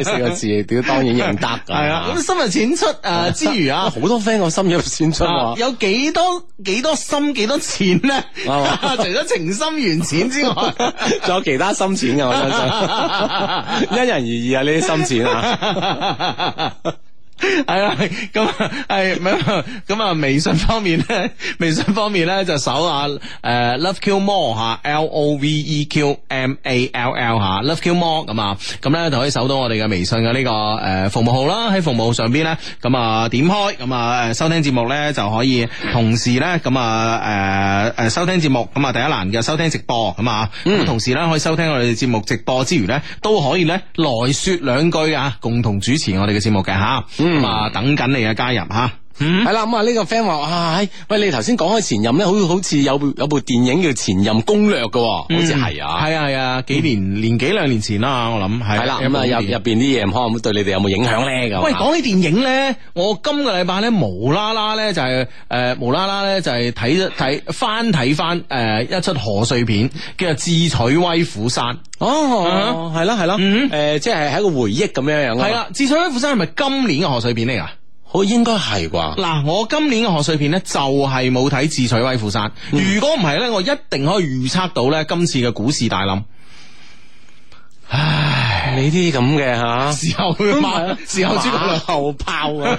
啊、四個字屌當然認得。係 吧啊，咁深入淺出誒之餘啊，好多 friend 我深入淺出，有幾多幾多深幾多淺咧？除咗情深緣淺之外，仲 有其他深淺嘅，我相信因人而異啊，呢啲深淺啊。 係啊，咁啊，係咁啊，微信方面咧，微信方面咧就搜下「誒，Love Q More 吓，L O V E Q M A L L 吓，Love Q More 咁啊，咁咧就可以搜到我哋嘅微信嘅呢個誒服務號啦。喺服務號上邊咧，咁啊點開，咁啊收聽節目咧就可以，同時咧咁啊誒誒收聽節目，咁啊第一欄嘅收聽直播，咁啊咁同時咧可以收聽我哋節目直播之餘咧，都可以咧來說兩句啊，共同主持我哋嘅節目嘅吓。嗯，啊，等緊你嘅加入吓。係啦，咁啊呢個 friend 話啊，喂，你頭先講開前任咧，好好似有部有部電影叫《前任攻略》噶，好似係啊，係啊係啊，幾年年幾兩年前啦，我諗係。係啦，咁啊入入邊啲嘢唔可能會對你哋有冇影響咧？咁喂，講起電影咧，我今個禮拜咧無啦啦咧就係誒無啦啦咧就係睇睇翻睇翻誒一出賀歲片叫做《智取威虎山》哦，係啦係啦，誒即係喺一個回憶咁樣樣。係啦，《智取威虎山》係咪今年嘅賀歲片嚟噶？我應該係啩嗱，我今年嘅賀歲片咧就係冇睇《智取威虎山》，如果唔係咧，我一定可以預測到咧今次嘅股市大冧。唉，你啲咁嘅嚇，時候馬， 時候豬，後炮啊！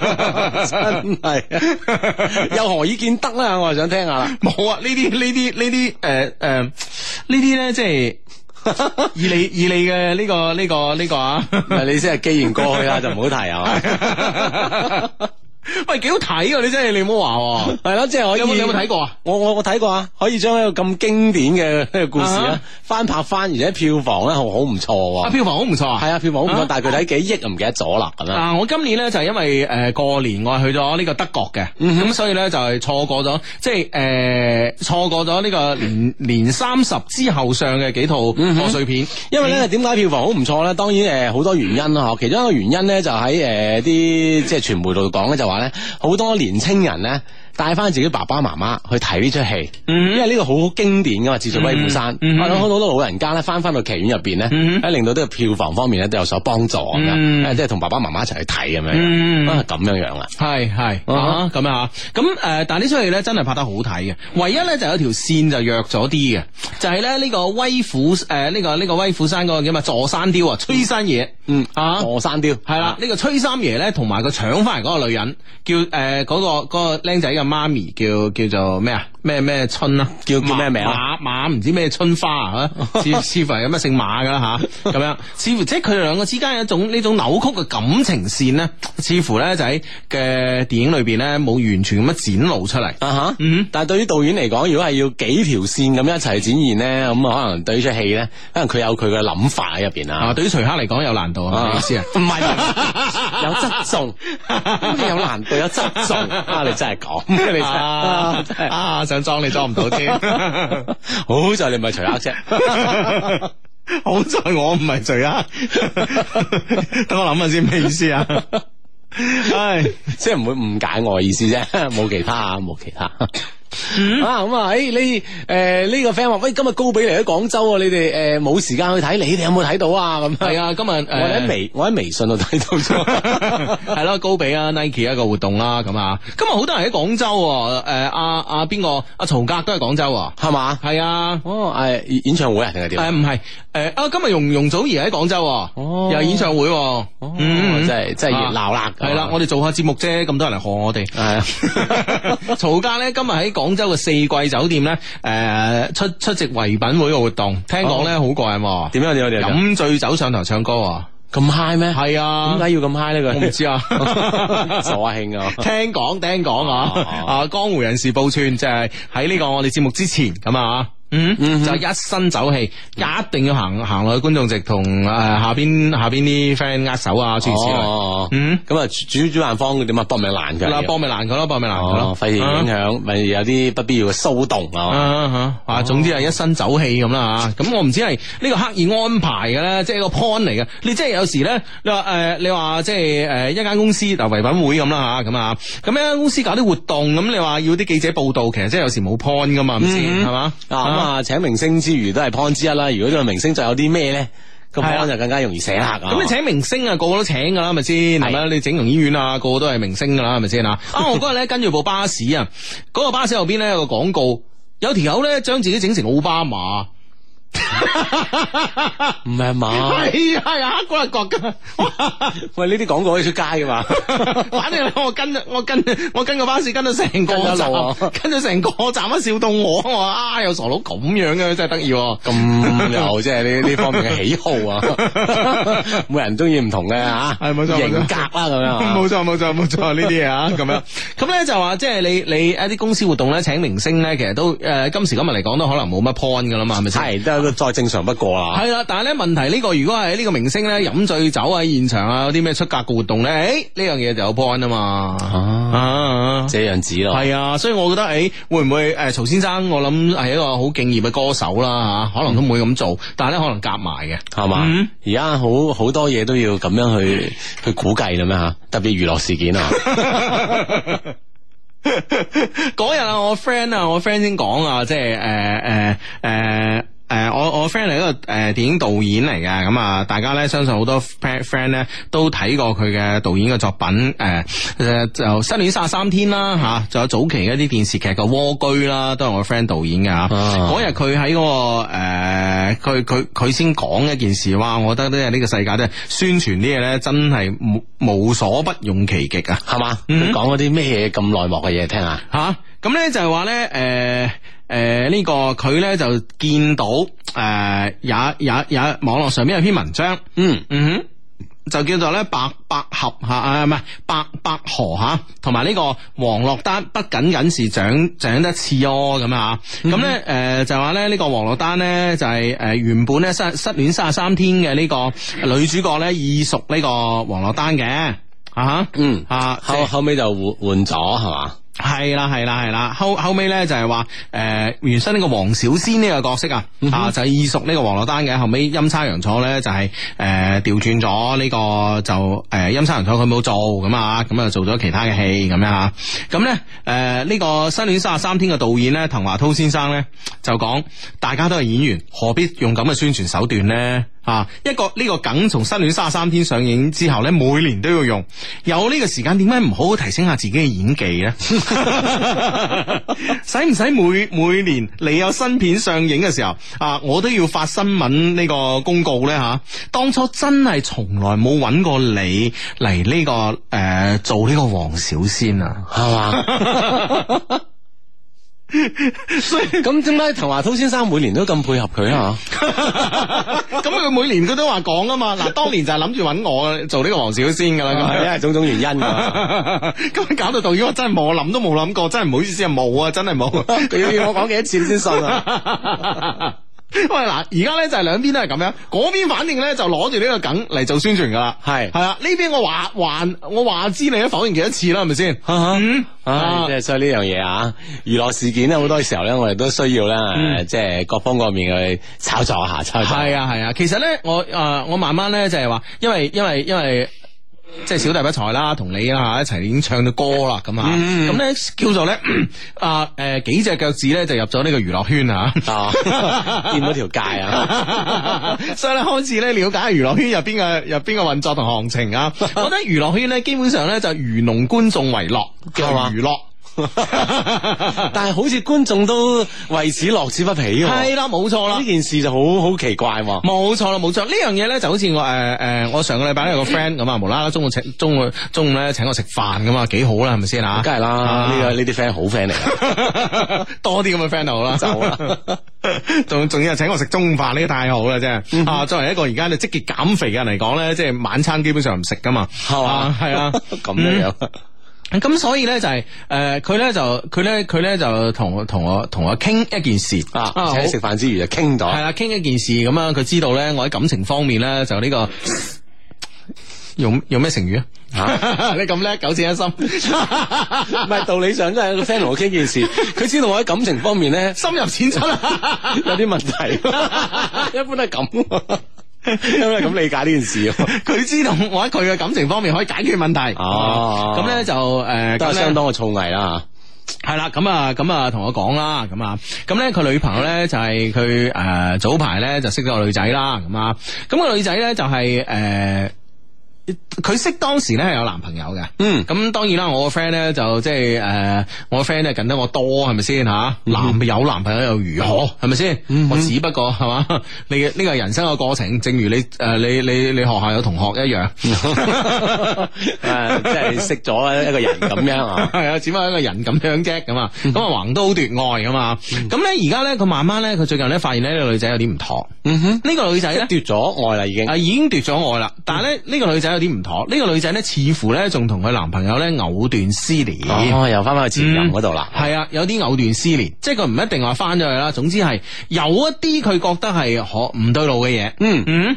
真係有何以見得咧、啊？我又想聽下啦。冇啊，呃呃、呢啲呢啲呢啲誒誒呢啲咧，即、就、係、是。 以你以你嘅呢個呢、呢個呢、呢個啊，唔係你先係，既然過去啦就唔好提啊。喂，幾好睇㗎！你真係，你唔好話，係咯，即係可以。有冇有冇睇過啊？我我我睇過啊！可以將一個咁經典嘅故事咧，翻拍翻，而且票房咧好唔錯。啊，票房好唔錯啊！係啊，票房好唔錯，但係具體幾億就唔記得咗啦。咁樣啊！我今年咧就係因為誒，過年我去咗呢個德國嘅，咁所以咧就係錯過咗即係誒錯過咗呢個年年三十之後上嘅幾套賀歲片。因為咧點解票房好唔錯咧？當然誒好多原因咯，其中一個原因咧就喺誒啲即係傳媒度講咧就話。咧，好多年青人咧，帶翻自己爸爸媽媽去睇呢出戲，因為呢個好經典噶嘛《自取威虎山》，好多老人家咧翻翻到劇院入邊咧，喺令到呢啲票房方面咧都有所幫助，咁即係同爸爸媽媽一齊去睇咁樣，咁樣樣啦。係係咁咁啊，咁誒，但係呢出戲咧真係拍得好睇嘅，唯一咧就有條線就弱咗啲嘅，就係咧呢個威虎誒呢個呢個威虎山嗰個叫咩座山雕啊，崔山爺，嗯啊，座山雕係啦，呢個崔三爺咧同埋佢搶翻嚟嗰個女人，叫誒嗰個個僆仔咁。媽咪叫叫做咩啊咩咩春啦，叫叫咩名啊馬馬唔知咩春花啊，似 似乎係咁樣姓馬噶啦吓，咁、啊、樣 似乎即係佢哋兩個之間有一種呢種扭曲嘅感情線呢，似乎咧就喺嘅電影裏邊咧冇完全咁樣展露出嚟，啊吓，但係對於導演嚟講，如果係要幾條線咁樣一齊展現呢，咁啊可能對呢出戲咧，可能佢有佢嘅諗法喺入邊啦。啊，對於徐克嚟講有難度啊，意思啊，唔係有質素！咁有難度有質素！啊，你真係講。 啊啊！想裝你裝唔到添，好在你唔係除黑啫，好在我唔係除啊。等我諗下先，咩意思啊？唉， 即係唔會誤解我嘅意思啫，冇 其他，冇其他。 嗯、啊，咁啊，誒、欸，呢，誒、呃，呢個 friend 話，喂、欸，今日高比嚟咗廣州啊，你哋，誒、呃，冇時間去睇，你哋有冇睇到啊？咁，係啊，今日、呃、我喺微，我喺微信度睇到咗，係咯，高比啊，Nike 一個活動啦，咁啊，今日好多人喺廣州，誒吧，阿阿邊個，阿曹格都係廣州，係嘛？係啊，哦，係、啊、演唱會啊，定係點？誒，唔係。誒，啊，今日容容祖兒喺廣州，又演唱會，哦，真係真係熱鬧啦，係啦，我哋做下節目啫，咁多人嚟賀我哋，係啊，曹家咧，今日喺廣州嘅四季酒店咧，誒，出出席唯品會嘅活動，聽講咧好貴，點樣點我哋樣，飲醉酒上台唱歌，咁嗨咩？係啊，點解要咁嗨呢？佢我唔知啊，坐阿慶啊，聽講聽講啊，啊江湖人士報串，即係喺呢個我哋節目之前咁啊。嗯，就一身酒氣，一定要行行落去觀眾席同誒下邊下邊啲 friend 握手啊，諸如此類。咁啊，主主辦方佢點啊，搏命攔佢。嗱，搏命攔佢咯，搏命攔佢咯，費事影響，咪有啲不必要嘅騷動啊。啊，總之係一身酒氣咁啦吓。咁我唔知係呢個刻意安排嘅咧，即係一個 point 嚟嘅。你即係有時咧，你話誒，你話即係誒，一間公司，嗱唯品會咁啦吓，咁啊，咁一間公司搞啲活動，咁你話要啲記者報道，其實即係有時冇 point 噶嘛，唔知係嘛啊？咁啊，請明星之餘都係 point 之一啦。如果呢個明星，就有啲咩咧？個 point 就更加容易寫客。咁你請明星啊，個個都請㗎啦，咪先的。係咪？你整容醫院啊，個個都係明星㗎啦，係咪先啊？ 我嗰日咧跟住部巴士啊，嗰個巴士後邊咧有個廣告，有條友咧將自己整成奧巴馬。唔係嘛，係啊，各人覺噶。喂，呢啲廣告可以出街噶嘛？反正我跟，我跟，我跟個巴士跟到成個站，跟到成個站都笑到我。啊，有傻佬咁樣嘅，真係得意。咁有，即係呢呢方面嘅喜好啊，每人中意唔同嘅，吓，係冇錯，型格啊咁樣。冇錯，冇錯，冇錯，呢啲嘢啊咁樣。咁咧就話即係你你一啲公司活動咧，請明星咧，其實都誒今時今日嚟講都可能冇乜 point 噶啦嘛，係咪先？再正常不過啦，係啦，但係咧問題呢、這個如果係呢個明星咧飲醉酒喺現場啊，有啲咩出格嘅活動咧？誒、欸，呢樣嘢就有 point 啊嘛，啊，這樣子咯，係啊，所以我覺得誒、欸，會唔會誒，曹先生，我諗係一個好敬業嘅歌手啦吓，可能都唔會咁做，但係咧可能夾埋嘅，係嘛吧？而家、嗯、好好多嘢都要咁樣去去估計咁樣吓，特別娛樂事件啊，嗰日 啊，我 friend 啊，我 friend 先講啊，即係誒誒誒。呃呃呃呃呃誒、呃，我我 friend 係一個誒、呃、電影導演嚟嘅。咁啊，大家咧相信好多 friend friend 咧都睇過佢嘅導演嘅作品，誒、呃呃，就《失戀三十三天》啦，吓、啊，仲有早期一啲電視劇嘅《蝸居》啦，都係我 friend 導演嘅吓。嗰日佢喺嗰個誒，佢佢佢先講一件事，哇！我覺得咧呢個世界咧，宣傳啲嘢咧，真係無所不用其極啊，係嘛吧？佢講嗰啲咩咁內幕嘅嘢聽，聽啊？吓，咁咧就係話咧，誒。誒，呃這個、呢個佢咧就見到誒，有有有網絡上邊有篇文章，嗯嗯哼，就叫做咧白百合吓，唔係白百何吓，同埋呢個王珞丹，不僅僅是長長得似哦咁啊，咁咧誒就話咧呢、這個王珞丹咧就係、是、誒原本咧失失戀卅三天嘅呢個女主角咧，意屬呢個王珞丹嘅，吓、啊、嗯啊後後尾就換換咗係嘛？係啦，係啦，係啦，後後尾咧就係話，誒、呃，原身呢個黃小仙呢個角色啊，啊就係意屬呢個王珞丹嘅，後尾陰差陽錯咧就係，誒調轉咗呢個就，誒陰差陽錯佢冇做，咁啊，咁啊做咗其他嘅戲咁樣啊，咁咧，誒呢個新戀三十三天嘅導演咧滕華濤先生咧就講，大家都係演員，何必用咁嘅宣傳手段咧？啊！一個呢、呢個梗從《失戀三十三天》上映之後呢，每年都要用，有呢個時間，點解唔好好提升下自己嘅演技呢？使唔使每每年你有新片上映嘅時候，啊，我都要發新聞呢個公告呢？吓、啊，當初真係從來冇揾過你嚟呢、呢個誒、呃、做呢個黃小仙啊，係嘛？ 所以咁點解陳華濤先生每年都咁配合佢啊？咁佢 每年佢都話講啊嘛。嗱，當年就諗住揾我做呢個黃小仙噶啦，咁係因為種種原因。咁搞到導演我真係冇，我諗都冇諗過，真係唔好意思啊，冇啊，真係冇。佢 要我講幾多次你先信啊？ 喂嗱，而家咧就係兩邊都係咁樣，嗰邊反應咧就攞住呢個梗嚟做宣傳噶啦，係係啦，呢邊我話話我話知你都否認幾多次啦，係咪先？即係哈、嗯、所以呢樣嘢啊，娛樂事件咧好多時候咧，我哋都需要啦，即係、嗯、各方各面去炒作下，炒作。係啊係啊，其實咧我啊、呃、我慢慢咧就係話，因為因為因為。因為即係小弟不才啦，同你啊一齊已經唱咗歌啦，咁啊、嗯，咁咧叫做咧啊誒，幾隻腳趾咧就入咗呢個娛樂圈啊， 啊，見到條街啊，所以咧開始咧了解娛樂圈入邊嘅入邊嘅運作同行情啊，我覺得娛樂圈咧基本上咧就愚弄觀眾為樂，叫娛樂。但係好似觀眾都為此樂此不疲喎。係啦，冇錯啦，呢件事就好好奇怪。冇錯啦，冇錯。呢樣嘢咧就好似我誒誒，我上個禮拜咧有個 friend 咁啊，無啦啦中午請中午中午咧請我食飯咁啊，幾好啦，係咪先啊？梗係啦，呢個呢啲 friend 好 friend 嚟，多啲咁嘅 friend 就好啦。就好啦，仲仲要係請我食中午飯，呢個太好啦，真係。啊，作為一個而家你積極減肥嘅人嚟講咧，即係晚餐基本上唔食噶嘛，係嘛，係啊，咁就有。咁、嗯、所以咧就係誒佢咧就佢咧佢咧就同我同我同我傾一件事啊，喺食飯之餘就傾咗係啦傾一件事咁啊佢知道咧我喺感情方面咧就呢個用用咩成語啊你咁叻，九淺一心唔係，道理上真係，個 friend 同我傾件事，佢知道我喺感情方面咧深入淺出有啲問題一般都係咁。 因為咁理解呢件事，佢 知道我喺佢嘅感情方面可以解決問題，咁咧就誒都係相當嘅造詣啦吓，係啦，咁啊咁啊同我講啦，咁啊咁咧佢女朋友咧就係佢誒早排咧就識咗個女仔啦，咁啊咁個女仔咧就係、是、誒。呃佢識當時咧係有男朋友嘅，嗯，咁當然啦，我個 friend 咧就即係誒，我個 friend 咧近得我多係咪先吓？男有男朋友又如何係咪先？我只不過係嘛，你呢個人生嘅過程，正如你誒，你你你學校有同學一樣，誒，即係識咗一個人咁樣啊，係啊，只不過一個人咁樣啫，咁啊，咁啊橫都好奪愛咁嘛，咁咧而家咧佢慢慢咧佢最近咧發現呢個女仔有啲唔妥，哼，呢個女仔咧奪咗愛啦已經，啊，已經奪咗愛啦，但係咧呢個女仔。有啲唔妥，呢個女仔呢，似乎呢，仲同佢男朋友呢，藕斷絲連。哦，又翻翻去前任嗰度啦。係啊了，有啲藕斷絲連，即係佢唔一定話翻咗去啦。總之係有一啲佢覺得係可唔對路嘅嘢。嗯嗯，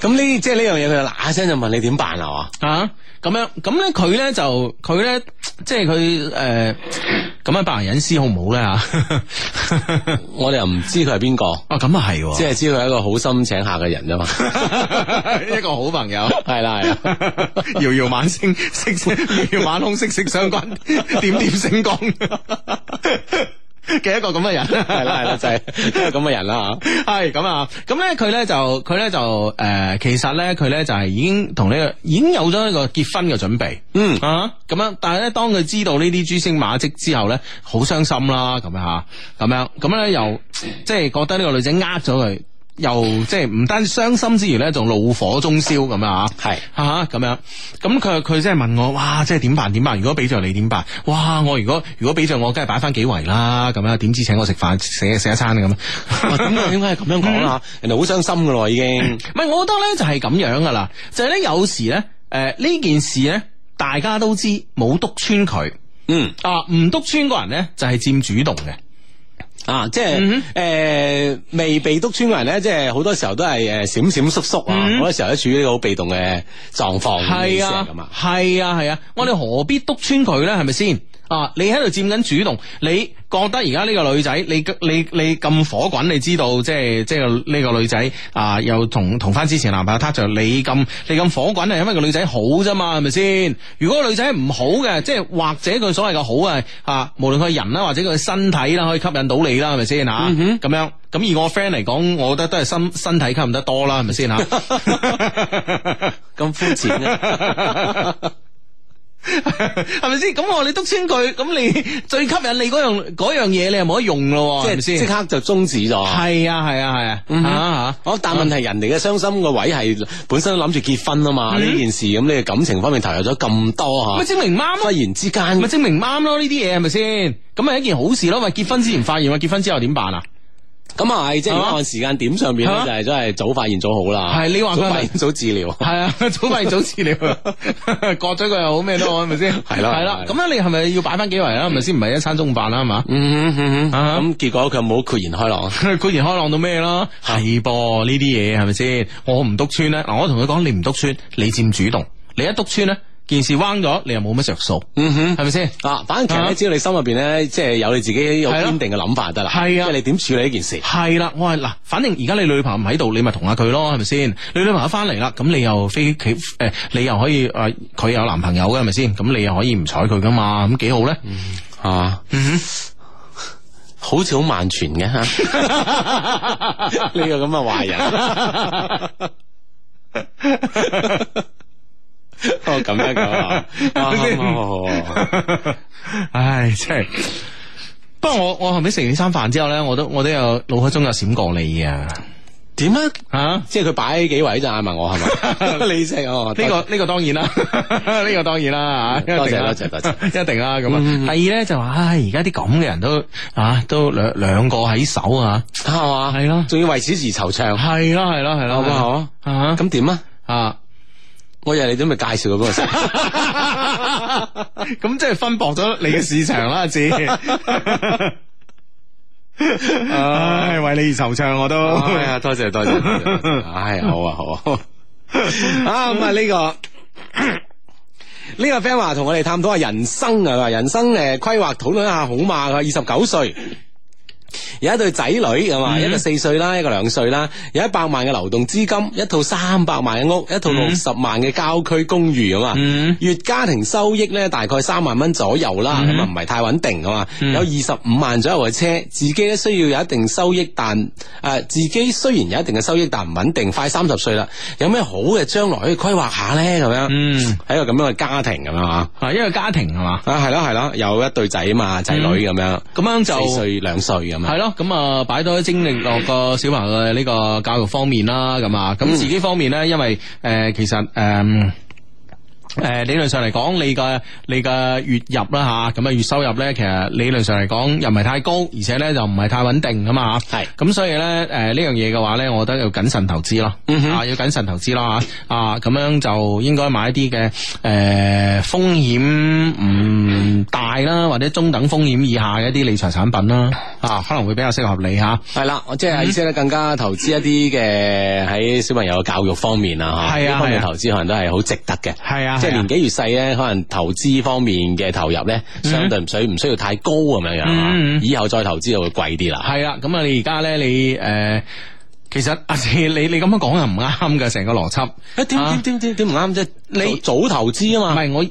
咁呢、嗯，即係呢樣嘢，佢就嗱一聲就問你點辦啦，係、啊咁樣，咁咧佢咧就佢咧，即係佢誒咁樣白人隱私好唔好咧嚇？ 我哋又唔知佢係邊個啊？咁啊係喎，即係知道係一個好心請客嘅人啫嘛， 一個好朋友係啦，係啦， 遙遙 晚星，息息，遙遙晚空，息息相關點點星光。 嘅一個咁嘅人係啦係啦就係一個咁嘅人啦吓，係咁啊，咁咧佢咧就佢咧就誒、呃、其實咧佢咧就係已經同呢、這個已經有咗一個結婚嘅準備嗯啊咁樣，但係咧，當佢知道呢啲蛛絲馬跡之後咧，好傷心啦咁樣吓咁樣，咁咧又即係、就是、覺得呢個女仔呃咗佢。又即係唔單，傷心之餘咧，仲怒火中燒咁樣嚇，係嚇咁樣。咁佢佢即係問我，哇！即係點辦點辦？如果俾著你點辦？哇！我如果如果俾著我，梗係擺翻幾圍啦。咁樣點知請我食飯食食一餐樣 啊咁？點解點解係咁樣講啦。嗯、人哋好傷心噶啦，已經、嗯。唔係、啊，我覺得咧就係咁樣噶啦。就係咧，有時咧，誒、呃、呢件事咧，大家都知冇篤穿佢。嗯啊，唔篤穿個人咧，就係佔主動嘅。啊，即係誒、嗯哼呃，未被篤穿嘅人咧，即係好多時候都係誒閃閃縮縮啊！好、嗯、哼多時候都處於呢個好被動嘅狀況，係啊，係啊，係啊，我哋、啊、何必篤穿佢咧？係咪先？啊！你喺度佔緊主動，你覺得而家呢個女仔，你你你咁火滾，你知道即係即係呢個女仔啊，又同同翻之前男朋友 touch 咗，你咁你咁火滾係因為個女仔好啫嘛，係咪先？如果個女仔唔好嘅，即係或者佢所謂嘅好啊，啊，無論佢人啦，或者佢身體啦，可以吸引到你啦，係咪先啊？咁、嗯、哼樣咁以我 friend 嚟講，我覺得都係身身體吸引得多啦，係咪先啊？咁膚淺。係咪先？咁 我你督穿佢，咁你最吸引你嗰樣樣嘢，你又冇得用咯，即係咪先？即刻就終止咗。係啊係啊係啊。吓吓、啊。好、啊，啊嗯、哼但問題人哋嘅傷心個位係本身諗住結婚啊嘛，呢、嗯、哼件事咁你嘅感情方面投入咗咁多吓。咪證明啱咯。忽然之間。咪證明啱咯，呢啲嘢係咪先？咁咪一件好事咯。喂，結婚之前發現，結婚之後點辦啊？咁啊，即係按時間點上邊咧，就係真係早發現早好啦。係你話佢早治療，係啊，早發現早治療，過咗佢又好咩咯？係咪先？係啦係啦，咁樣你係咪要擺翻幾圍啦？係咪先？唔係一餐中午飯啦，係嘛？咁結果佢冇豁然開朗，豁然開朗到咩咯？係噃，呢啲嘢係咪先？我唔篤穿咧，嗱，我同佢講，你唔篤穿，你佔主動，你一篤穿咧。件事彎咗，你又冇乜着數，嗯哼，係咪先啊？反正其實咧，只要你心入邊咧，啊、即係有你自己有堅定嘅諗法得啦，係啊。你點處理呢件事？係啦、啊，我係嗱，反正而家你女朋友唔喺度，你咪同下佢咯，係咪先？你女朋友翻嚟啦，咁你又飛起佢誒，你又可以誒，佢、呃、有男朋友嘅係咪先？咁你又可以唔睬佢噶嘛？咁幾好咧，係嘛？好似好萬全嘅呢個咁嘅壞人。 哦，咁樣講，唉，真係。不過我我後尾食完餐飯之後咧，我都我都有腦海中有閃過你啊。點啊？吓，即係佢擺幾位就嗌埋我係咪？你食哦？呢個呢個當然啦，呢個當然啦吓。多謝多謝多謝，一定啦咁啊。第二咧就話，唉，而家啲咁嘅人都啊，都兩兩個喺手啊，係嘛？係咯，仲要為此而惆悵，係咯，係咯，係咯，咁點啊？啊！我以為你準備介紹佢俾我識，咁即係分薄咗你嘅市場啦，阿志。唉，為你而惆悵，我都。係 啊、哎，多謝多謝。唉、哎，好啊，好啊。 啊，咁啊呢個呢 個 friend 話同我哋探討下人生啊。人生誒規劃討論下好嘛？佢二十九歲。有一對仔女係嘛，一個四歲啦，一個兩歲啦，有一百萬嘅流動資金，一套三百萬嘅屋，一套六十萬嘅郊區公寓啊嘛，月家庭收益咧大概三萬蚊左右啦，咁啊唔係太穩定啊嘛，有二十五萬左右嘅車，自己咧需要有一定收益，但誒自己雖然有一定嘅收益，但唔穩定，快三十歲啦，有咩好嘅將來可以規劃下咧咁樣？嗯，係一個咁樣嘅家庭咁啊嘛，啊一個家庭係嘛，啊係咯係咯，有一對仔嘛，仔女咁樣，咁樣就四歲兩歲咁。係咯，咁啊，擺多啲精力落個小朋友嘅呢個教育方面啦，咁啊，咁自己方面咧，因為誒、呃，其實誒。呃誒，理論上嚟講，你嘅你嘅月入啦吓，咁啊月收入咧，其實理論上嚟講又唔係太高，而且咧又唔係太穩定噶嘛吓。係是，咁所以咧，誒、呃、呢、嗯、樣嘢嘅話咧，我覺得要謹慎投資咯、嗯哼啊，啊要謹慎投資啦，啊咁樣就應該買一啲嘅誒風險唔大啦，或者中等風險以下嘅一啲理財產品啦，啊可能會比較適合你吓。係、啊、啦，我即係意思咧，更加投資一啲嘅喺小朋友嘅教育方面啊，吓，呢方面投資可能都係好值得嘅。係啊。即係年紀越細咧，可能投資方面嘅投入咧，相對唔使唔需要太高咁樣樣，嗯、吧以後再投資就會貴啲啦、嗯。係啦了，咁啊，你而家咧，你、呃、誒，其實啊你你咁樣講又唔啱㗎，成個邏輯。誒點點點點點唔啱啫？啊、你，你早投資啊嘛，唔係我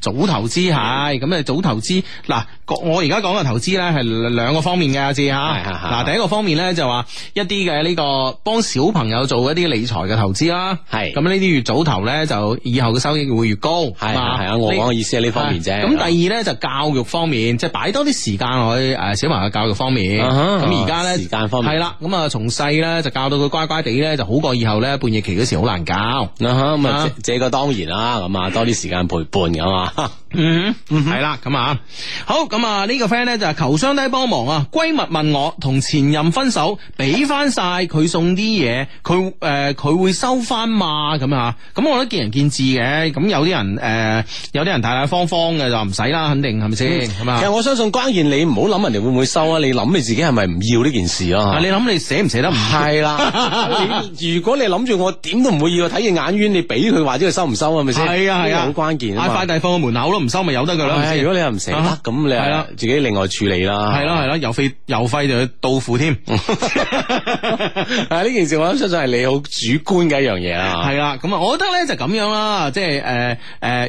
早投資係，咁啊早投資嗱。我而家講嘅投資咧係兩個方面嘅，阿志吓。嗱，第一個方面咧就話一啲嘅呢個幫小朋友做一啲理財嘅投資啦。係咁呢啲越早投咧，就以後嘅收益會越高。係係啊，我講嘅意思係呢方面啫。咁第二咧就教育方面，即係擺多啲時間去誒，小朋友教育方面。咁而家咧，時間方面係啦。咁啊，從細咧就教到佢乖乖地咧，就好過以後咧半夜期嗰時好難教。咁啊，借個當然啦。咁啊，多啲時間陪伴嘅嘛。嗯，係啦。咁啊，好咁。啊！呢個 friend 咧就求雙低幫忙啊！閨蜜問我同前任分手，俾翻晒佢送啲嘢，佢誒佢會收翻嘛？咁啊，咁我覺得見仁見智嘅。咁有啲人誒、呃，有啲人大大方方嘅就唔使啦，肯定係咪先？是是是是其實我相信關鍵你唔好諗人哋會唔會收你你是不是不啊，你諗你自己係咪唔要呢件事啊？你諗你捨唔捨得唔係啦？如果你諗住我點都唔會要，睇 你眼冤，你俾佢話知佢收唔收啊？係咪先？係啊係啊，好關鍵啊嘛！快遞放個門口咯，唔收咪由得佢啦。如果你又唔捨得咁 你。係啦，自己另外處理啦。係咯係咯，有費有費就要到付添。係呢件事，我諗實在係你好主觀嘅一樣嘢啦。係啦，咁啊，我覺得咧就咁樣啦，即係誒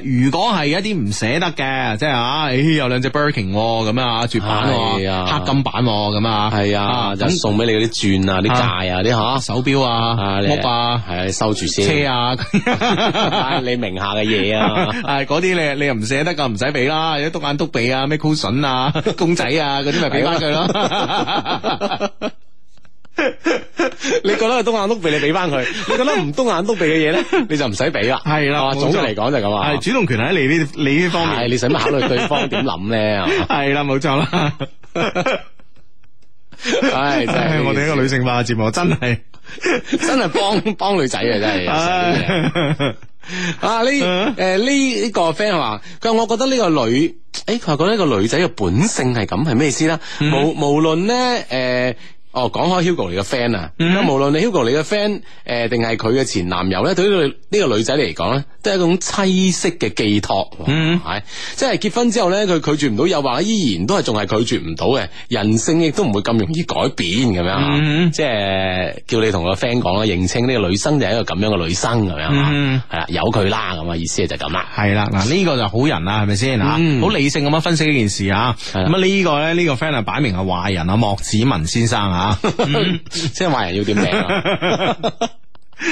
誒，如果係一啲唔捨得嘅，即係啊，有兩隻 Birkin 咁啊，絕版啊，黑金版咁啊，係啊，就送俾你嗰啲鑽啊，啲戒啊，啲吓手錶啊，屋啊，係收住先，車啊，你名下嘅嘢啊，嗰啲你你又唔捨得噶，唔使俾啦，有啲篤眼篤鼻啊，咩？笋啊，公仔啊，嗰啲咪俾翻佢咯。你覺得佢東眼碌鼻，你俾翻佢；你覺得唔東眼碌鼻嘅嘢咧，你就唔使俾啦。係啦，總之嚟講就咁啊。係主動權喺你呢，你呢方面係，你使乜考慮對方點諗咧啊？係啦，冇錯啦。唉真係，我哋一個女性化節目，真係真係幫幫女仔啊，真係。啊！呢誒呢個 friend 話佢話我覺得呢個女，誒佢話覺得呢個女仔嘅本性係咁，係咩意思咧、嗯？無無論咧誒。呃哦，講開 Hugo 你嘅 friend 啊，咁、嗯、無論你 Hugo 你嘅 friend，誒定係佢嘅前男友咧，對呢個呢個女仔嚟講咧，都係一種棲息嘅寄託，係，嗯、即係結婚之後咧，佢拒絕唔到誘惑，又依然都係仲係拒絕唔到嘅，人性亦都唔會咁容易改變咁樣，嗯、即係叫你同個 friend 講啦，認清呢個女生就係一個咁樣嘅女生咁樣，係、嗯、啦，由佢啦，咁嘅意思就係咁啦，係啦、嗯，嗱呢、呢個就好人啦，係咪先啊？好、嗯、理性咁樣分析呢件事啊，咁啊了呢、呢個咧呢個 friend 啊，擺明係壞人啊，莫子文先生啊。 嗯、即係話人要點名啊！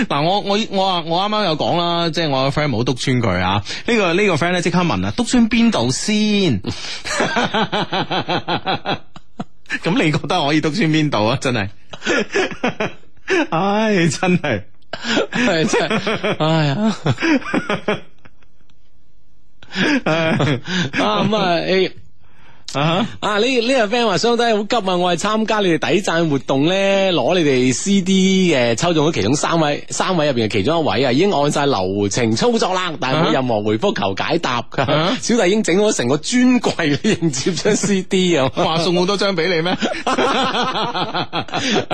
嗱， 我我我話我啱啱有講啦，即、就、係、是、我個 friend 冇督穿佢啊！呢、這個呢、這個 friend 咧即刻問啊，督穿邊度先？咁 你覺得可以督穿邊度啊？真係，唉、 哎，真係，係真，唉啊，啊！誒。啊！呢呢個 friend 話相當好急啊！我係參加你哋抵贊活動咧，攞你哋 C D 誒抽中咗其中三位，三位入邊嘅其中一位啊，已經按晒流程操作啦，但係冇任何回覆求解答噶。小弟已經整好成個專櫃迎接張 C D 啊，話送好多張俾你咩？係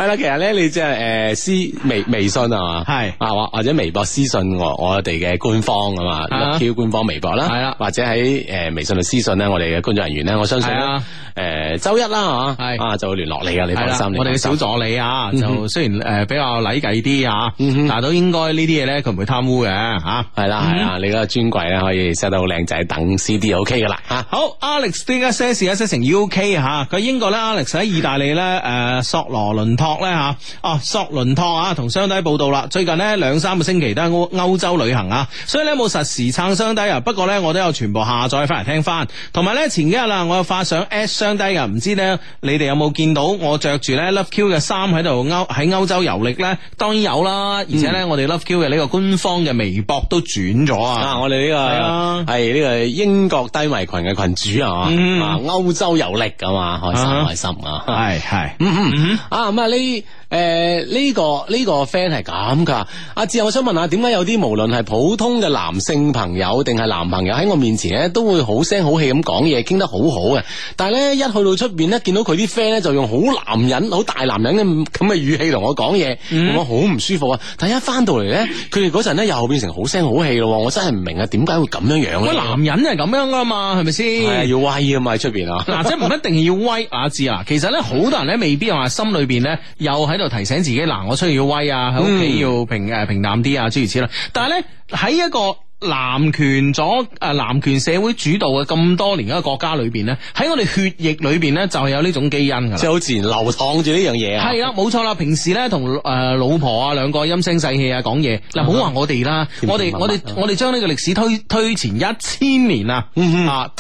啦，其實咧你即係誒私微微信啊嘛，係啊或或者微博私信我我哋嘅官方啊嘛，Q 官方微博啦，係啦，或者喺誒微信度私信咧，我哋嘅工作人員咧，我相信。係、嗯嗯、啊，誒是，周一啦，係啊，就會聯絡你啊，你放心，的放心我哋嘅小助理啊，就雖然誒比較禮計啲啊，但係都應該呢啲嘢咧，佢唔會貪污嘅吓。係啦、嗯，係啦，你嗰個專櫃咧可以 set 得好靚仔，等 CD OK 噶啦。吓、啊，好，Alex，依家 set 事啊，set 成 UK 吓，佢英國咧，Alex 喺意大利咧，誒、啊，索羅倫托咧吓，哦、啊啊，索倫托啊，同雙低報道啦、啊。最近呢，兩三個星期都喺歐歐洲旅行啊，所以咧冇實時撐雙低啊。不過咧，我都有全部下載翻嚟聽翻，同埋咧前幾日啦，我有發。啊加上 S 相低㗎，唔知咧你哋有冇見到我着住咧 Love Q 嘅衫喺度歐喺歐洲遊歷咧？當然有啦，而且咧我哋 Love Q 嘅呢個官方嘅微博都轉咗啊！我哋呢個係呢個英國低迷群嘅群主啊！啊，歐洲遊歷㗎嘛，開心開心啊！係係，嗯嗯啊咁啊你。誒，呢、欸這個呢、這個 friend 係咁噶，阿志，我想問下，點解有啲無論係普通嘅男性朋友定係男朋友喺我面前咧，都會好聲好氣咁講嘢，傾得好好嘅，但係咧一去到出邊咧，見到佢啲 friend 咧，就用好男人、好大男人嘅咁嘅語氣同我講嘢，嗯、我好唔舒服啊！但係一翻到嚟咧，佢哋嗰陣咧又變成好聲好氣咯，我真係唔明啊，點解會咁樣樣咧？男人係咁樣噶、啊、嘛，係咪先？係要威啊嘛，喺出邊啊！嗱，即唔一定要威阿志啊，其實咧好多人咧未必話心裏邊咧又係。喺度提醒自己，嗱，我出去要威啊，喺屋企要平誒、嗯、平淡啲啊，諸如此類。但係咧喺一個男權咗誒男權社會主導嘅咁多年一個國家裏邊咧，喺我哋血液裏邊咧就係有呢種基因嘅，即係好自然流淌住呢樣嘢啊。係啦，冇錯啦。平時咧同誒老婆啊兩個陰聲細氣啊講嘢，嗱，唔好話我哋啦，嗯、哼我哋們我哋我哋將呢個歷史推推前一千年啊啊！嗯哼嗯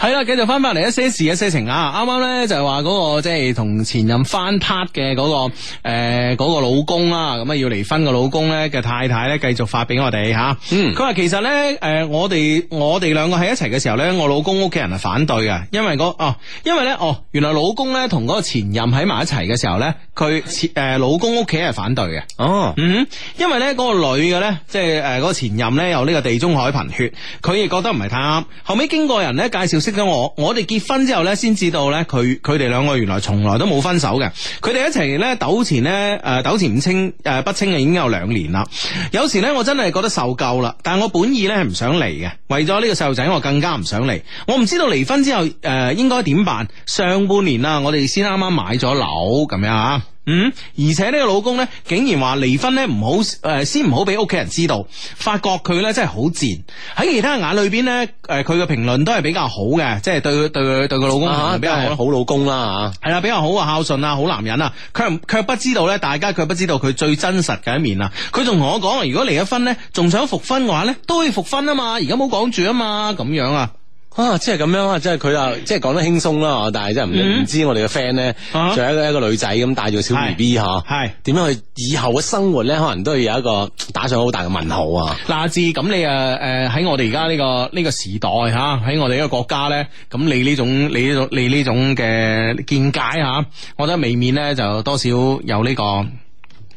係啦，繼續翻翻嚟，一些事一些情啊！啱啱咧就係話嗰個即係同前任翻 part 嘅嗰個誒、呃嗰個老公啦、啊，咁啊要離婚嘅老公咧嘅太太咧繼續發俾我哋吓，嗯，佢話其實咧誒、呃、我哋我哋兩個喺一齊嘅時候咧，我老公屋企人係反對嘅，因為嗰、嗰個、哦因為咧哦原來老公咧同嗰個前任喺埋一齊嘅時候咧，佢前誒、呃、老公屋企係反對嘅，哦，嗯，因為咧嗰、嗰個女嘅咧即係誒嗰個前任咧有呢個地中海貧血，佢亦覺得唔係太啱，後尾經過人咧識咗我，我哋結婚之後咧，先知道咧，佢佢哋兩個原來從來都冇分手嘅，佢哋一齊呢，糾纏咧，誒糾纏唔清誒不清啊，呃、清已經有兩年啦。有時呢，我真係覺得受夠啦，但係我本意呢係唔想離嘅，為咗呢個細路仔，我更加唔想離。我唔知道離婚之後誒、呃、應該點辦。上半年啦，我哋先啱啱買咗樓咁樣啊。嗯，而且呢個老公呢，竟然話離婚呢，唔好誒，先唔好俾屋企人知道，發覺佢呢真係好賤。喺其他人眼裏邊呢，誒、呃，佢嘅評論都係比較好嘅，即係對佢對佢對佢老公係比較好，好老公啦吓係啦，比較好啊，孝順啊，好男人啊，佢卻不知道呢，大家佢不知道佢最真實嘅一面啊。佢仲同我講，如果離咗婚呢，仲想復婚嘅話呢，都可以復婚啊嘛，而家冇講住啊嘛，咁樣啊。啊，即係咁樣啊，即係佢啊，即係講得輕鬆啦，但係真係唔唔知我哋嘅 friend 咧，仲、啊、有一一個女仔咁帶住個小 B B 嗬，點樣去以後嘅生活咧，可能都要有一個打上好大嘅問號啊！嗱、啊，阿志，咁你啊，誒喺我哋而家呢個呢、這個時代吓，喺我哋呢個國家咧，咁你呢種你呢種你呢種嘅見解吓，我覺得未免咧就多少有呢、這個。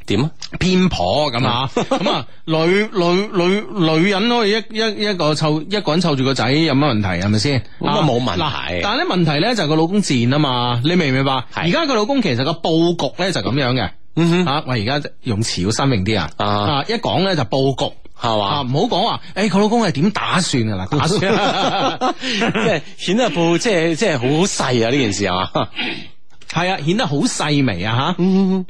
點啊？偏婆咁啊，咁啊，女女女女人咯，一一一個湊，一個人湊住個仔，有乜問題係咪先？咁啊冇問題。但係咧問題咧就係個老公賤啊嘛，你明唔明白？而家個老公其實個布局咧就咁樣嘅，嗯哼，啊，喂，而家用詞要新穎啲啊，啊，一講咧就布局係嘛，唔好講話，誒，佢老公係點打算噶啦？打算即係顯得部即係即係好細啊！呢件事係嘛？係啊，顯得好細微啊！吓。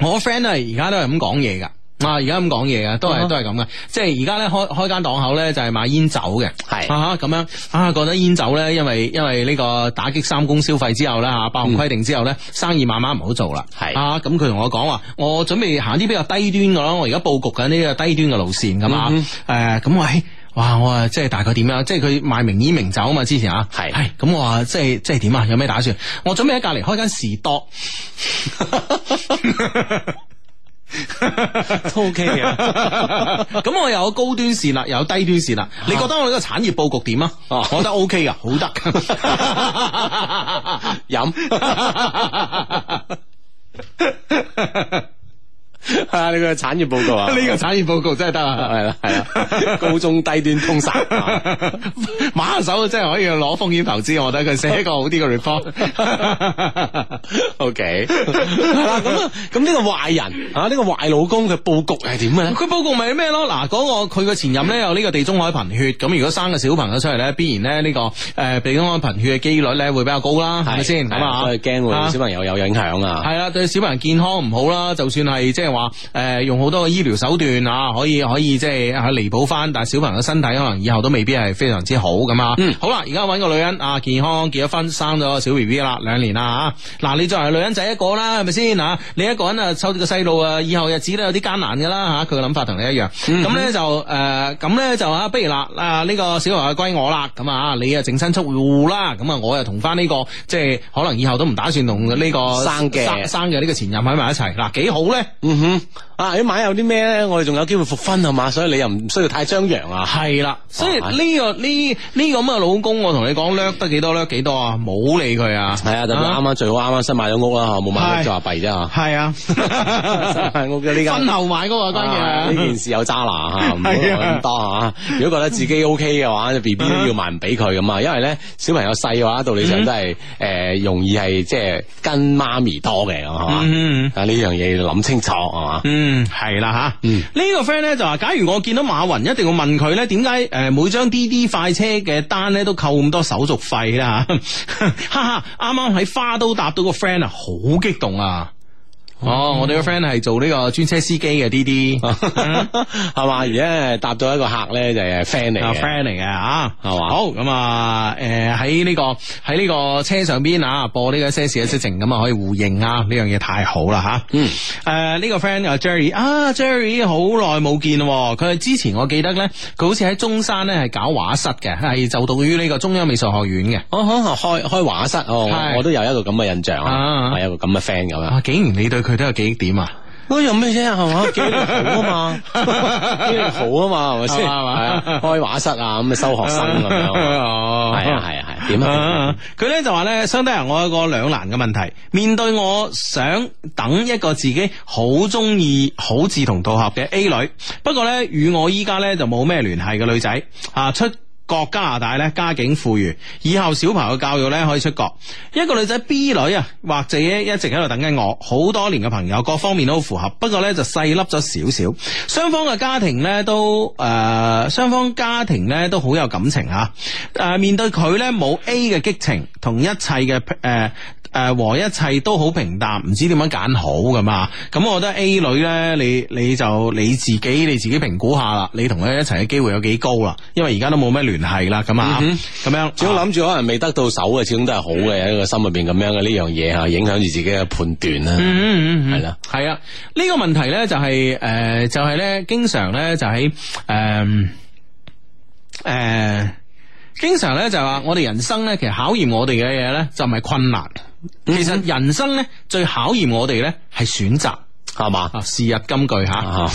我 friend 都係而家都係咁講嘢噶，啊，而家咁講嘢噶，都係都係咁嘅。即係而家咧開開間檔口咧就係買煙酒嘅，係啊咁樣啊，覺得煙酒咧因為因為呢個打擊三公消費之後咧吓，八項規定之後咧、嗯、生意慢慢唔好做啦，係是啊咁佢同我講話，我準備行啲比較低端嘅咯，我而家布局緊呢個低端嘅路線噶嘛，誒咁我。啊嗯嗯哇！我啊，即係大概點樣？即係佢賣名煙名酒啊嘛，之前啊，係咁我話即係即係點啊？有咩打算？我準備喺隔籬開間士多，都 OK 嘅。咁我又有高端線啦，又有低端線啦。 你覺得我呢個產業布局點啊？ 我覺得 O K 噶，好得飲。 喝 啊！呢個產業報告啊，呢個產業報告真係得啊，係啦，係啊，高中低端通殺，馬手真係可以攞風險投資，我覺得佢寫一個好啲嘅 report。O K，咁咁呢個壞人啊，呢個壞老公嘅布局係點咧？佢布局咪咩咯？嗱，嗰個佢嘅前任咧有呢個地中海貧血，咁如果生個小朋友出嚟咧，必然咧呢個誒地中海貧血嘅機率咧會比較高啦，係咪先？咁啊，所以驚會小朋友有影響啊？係啊，對小朋友健康唔好啦，就算係即係。話誒、呃，用好多嘅醫療手段啊，可以可以即係彌補翻，但係小朋友嘅身體可能以後都未必係非常之好咁啊。嗯、好啦，而家搵個女人啊，健康結咗婚，生咗小 B B 啦，兩年啦啊。嗱、啊，你作為女人仔一個啦，係咪先啊？你一個人啊，湊呢個細路啊，以後日子都有啲艱難噶啦吓。佢嘅諗法同你一樣，咁咧、嗯、就誒，咁、呃、咧就，啊，就啊，不如嗱啊呢、這個小朋友歸我啦，咁啊，你啊淨身出戶啦，咁啊，我又同翻呢個即係可能以後都唔打算同呢、這個生嘅的生嘅呢個前任喺埋一齊，嗱，幾好咧？嗯嗯，啊，你買有啲咩咧？我哋仲有機會復婚啊嘛，所以你又唔需要太張揚啊。係啦，所以呢個呢呢咁嘅老公，我同你講，掠得幾多掠幾多啊？冇理佢啊。係啊，特別啱啱最好啱啱新買咗屋啦，冇買屋就話弊啫吓。係啊，係屋嘅呢間。婚後買嗰個關鍵呢件事有渣男吓，唔好諗咁多吓。如果覺得自己 OK 嘅話，B B 都要埋唔俾佢咁啊，因為咧小朋友細嘅話，道理上都係誒容易係即係跟媽咪多嘅，係嘛啊呢樣嘢要諗清楚。嗯，係啦吓，呢、嗯、個 friend 咧就話，假如我見到馬雲，一定要問佢咧，點解誒每張滴滴快車嘅單咧都扣咁多手續費啦？哈 哈，啱啱喺花都搭到個 friend 啊，好激動啊！ 哦，我哋個 friend 係做呢個專車司機嘅，滴滴係嘛？而 家搭到一個客咧就係 friend 嚟，friend 嚟嘅吓，係嘛？好咁啊，誒喺呢個喺呢個車上邊啊，播呢一些事一些情，咁啊可以互認啊，呢樣嘢太好啦吓。嗯，誒呢、嗯啊這個 friend 又 Jerry 啊，Jerry 好耐冇見咯。佢之前我記得咧，佢好似喺中山咧係搞畫室嘅，係就讀於呢個中央美術學院嘅、嗯。開開畫室，我、哦、是我都有一個咁嘅印象啊，係一個咁嘅 friend 咁樣、啊。竟然你對。佢都有幾點啊？嗰有咩啫？係嘛，幾 好啊嘛，幾好啊嘛，係咪先？係啊，開畫室啊，咁啊收學生咁樣。哦，係啊，係啊，係點啊？佢咧就話咧，相對於，我有個兩難嘅問題。面對我，想等一個自己好中意、好志同道合嘅 A 女，不過咧，與我依家咧就冇咩聯繫嘅女仔啊出國加拿大咧家境富裕，以後小朋友教育咧可以出國。一個女仔 B 女啊，或者一直喺度等緊我，好多年嘅朋友，各方面都好符合，不過咧就細粒咗少少。雙方嘅家庭咧都誒，雙、呃、方家庭咧都好有感情吓。誒、呃，面對佢咧冇 A 嘅激情，同一切嘅誒。呃誒，和一切都好平淡，唔知點樣揀好噶嘛？咁、嗯、我覺得 A 女咧，你你就你自己，你自己評估下啦。你同佢一齊嘅機會有幾高啦？因為而家都冇咩聯繫啦，咁、嗯、啊，咁、嗯、樣，只要諗住可能未得到手嘅，始終都係好嘅，喺個心入邊咁樣嘅呢樣嘢吓，影響住自己嘅判斷啦。係啦，係啊，呢個問題咧就係誒，就係咧，經常咧就喺誒誒，經常咧就話我哋人生咧，其實考驗我哋嘅嘢咧，就唔係困難。其實人生咧，最考驗我哋咧係選擇，係嘛啊，是吧日金句吓，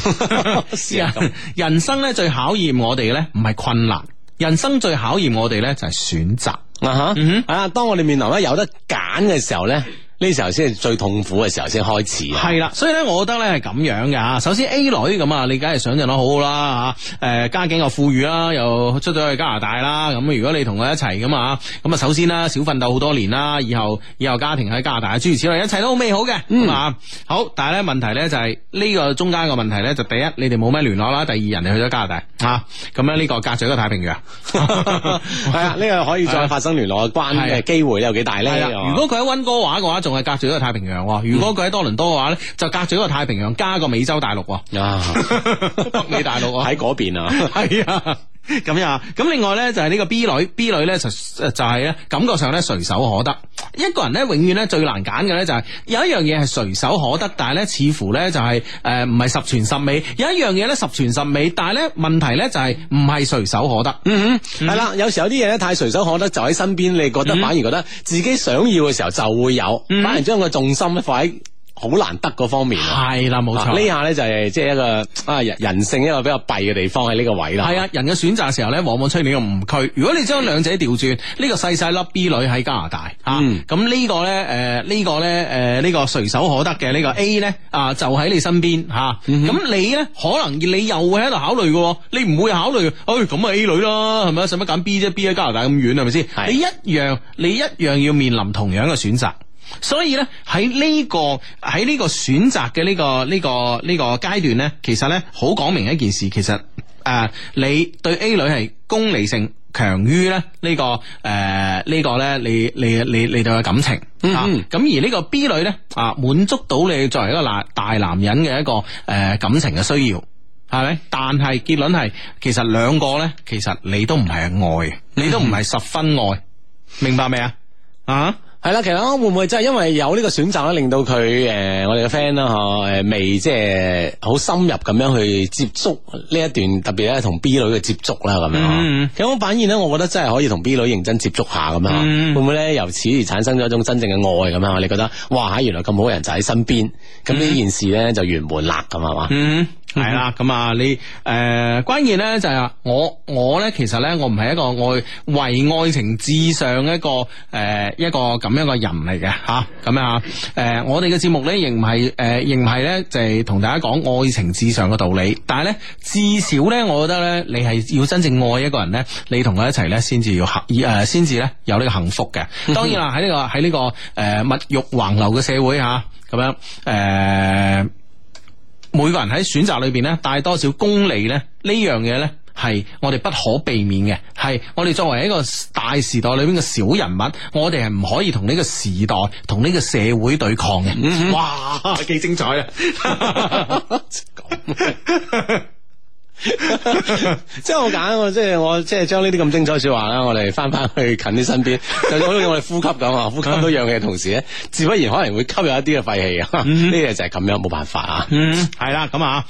是啊。人生咧最考驗我哋咧唔係困難，人生最考驗我哋咧就係選擇啊哈。吓、嗯哼，啊，當我哋面臨咧有得揀嘅時候咧。呢時候先係最痛苦嘅時候，先開始。係啦，所以咧，我覺得咧係咁樣嘅。首先 A 女咁啊，你梗係想象得好好啦吓。誒，家境又富裕啦，又出咗去加拿大啦。咁如果你同佢一齊咁啊，咁啊，首先啦，少奮鬥好多年啦，以後以後家庭喺加拿大，諸如此類，一切都好美好嘅。啊、嗯，好。但係咧，問題咧就係、是、呢、這個中間個問題咧，就第一，你哋冇咩聯絡啦，第二，人哋去咗加拿大，吓咁樣呢個隔咗個太平洋，係啊，呢個可以再發生聯絡嘅關係嘅的的機會有幾大咧？如果佢喺溫哥華嘅話，仲我係隔住一個太平洋，如果佢喺多倫多嘅話咧，嗯，就隔住一個太平洋加一個美洲大陸，啊， 北美大陸 啊，喺嗰邊啊，係啊。咁樣，咁另外呢，就係呢個 B 女，B 女呢，就就係咧，感覺上咧隨手可得。一個人呢，永遠呢，最難揀嘅呢，就係有一樣嘢係隨手可得，但係呢，似乎呢、就是，就係誒唔係十全十美。有一樣嘢呢，十全十美，但係呢，問題呢，就係唔係隨手可得。嗯嗯，係、嗯、啦，有時候啲嘢呢，太隨手可得，就喺身邊，你覺得、嗯、反而覺得自己想要嘅時候就會有，嗯、反而將個重心呢，放喺。好難得嗰方面啊，係啦，冇錯。呢下咧就係即係一個啊人性一個比較弊嘅地方喺呢個位啦。係啊，人嘅選擇嘅時候咧，往往出現呢個誤區。如果你將兩者調轉，呢是個細細粒 B 女喺加拿大啊，咁、嗯、呢、呃呢個咧誒呢個咧誒呢個隨手可得嘅呢、呢個 A 咧啊就喺你身邊吓，咁、啊嗯、哼你咧可能你又會喺度考慮嘅，你唔會考慮，誒咁啊 A 女啦，係咪使乜揀 B 啫？B 喺加拿大咁遠係咪先？是是你一樣，你一樣要面臨同樣嘅選擇。所以咧喺呢個喺呢個選擇嘅呢個呢個呢個階段咧，其實咧好講明一件事，其實誒你對 A 女係功利性強於咧呢個誒呢個咧你你你你對嘅感情，嗯，咁而呢個 B 女咧啊滿足到你作爲一個男大男人嘅一個誒感情嘅需要係咪？但係結論係其實兩個咧，其實你都唔係愛，你都唔係十分愛，明白未啊？啊！係啦，其實會唔會真係因為有呢個選擇咧，令到佢誒、呃，我哋嘅 friend 啦嗬，未即係好深入咁樣去接觸呢一段，特別咧同 B 女嘅接觸啦咁樣。咁反而咧，hmm. 我覺得真係可以同 B 女認真接觸下咁樣，mm hmm. 會唔會咧由此而產生咗一種真正嘅愛咁啊？你覺得哇，原來咁好嘅人就喺身邊，咁呢、mm hmm. 件事咧就圓滿啦咁係嘛？係啦，咁啊，你誒、呃，關鍵咧就係、是、我，我咧其實咧，我唔係一個愛為愛情至上一個誒、呃、一個咁樣嘅人嚟嘅吓，咁樣吓，誒、呃，我哋嘅節目咧，亦唔係誒，亦唔係咧，就係、是、同大家講愛情至上嘅道理。但係咧，至少咧，我覺得咧，你係要真正愛一個人咧，你同佢一齊咧，先至要幸，誒、呃，先至咧有呢個幸福嘅。當然啦，喺呢、這個喺呢、這個誒物欲橫流嘅社會吓，咁、啊、樣誒。呃每個人喺選擇裏邊咧帶多少功利咧，呢樣嘢，咧係我哋不可避免嘅，係我哋作為一個大時代裏邊嘅小人物，我哋係唔可以同呢個時代同呢個社會對抗嘅。嗯，哇，幾精彩啊！ 即係我揀，我即係我即係將呢啲咁精彩說話啦，我哋翻翻去近啲身邊， 就好似我哋呼吸咁啊，呼吸都養嘅同時咧，自不然可能會吸入一啲嘅廢氣啊，呢嘢、嗯、就係咁樣，冇辦法啊，係啦、嗯，咁啊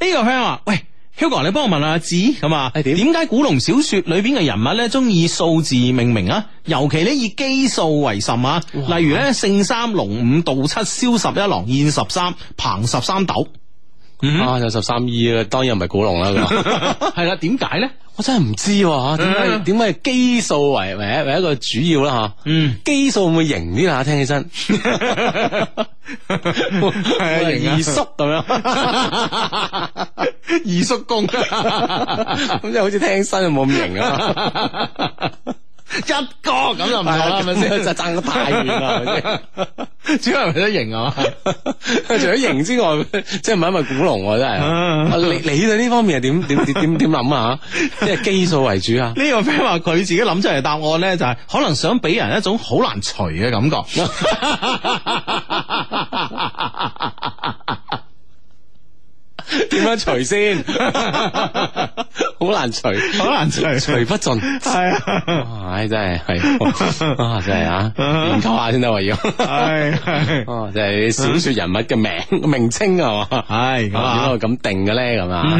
呢個 friend 話，喂，Hugo，你幫我問下阿紫咁啊，點解古龍小說裏邊嘅人物咧，中意數字命名啊？尤其咧以奇數為甚啊？例如咧，聖哇三龍五道七蕭十一郎燕十三彭十三斗。 啊，有十三億啊，當然唔係古龍啦，咁，係啦， 點解咧？我真係唔知、啊，點解點解基數為為為一個主要啦、啊、吓？嗯、基數會唔會型啲啊？聽起身，係啊 的，二叔咁樣，二 叔公，咁即係好似聽身又冇咁型啊。 一個咁就唔係啦，係咪先？就爭個大遠啦、啊，主要係為咗型啊嘛。除咗型之外， 即係唔係因為古龍啊？真係、啊啊，你你對呢方面係點點點點點諗啊？即係基數為主啊？呢個 friend 話佢自己諗出嚟答案咧，就係可能想俾人一種好難除嘅感覺。點 樣除先？ 好難除，好難除，除不盡，係啊，唉，真係，係，啊、anyway.，真係啊，研究下先得話要，係，哦，就係小說人物嘅名名稱啊，係，咁點解咁定嘅咧？咁啊，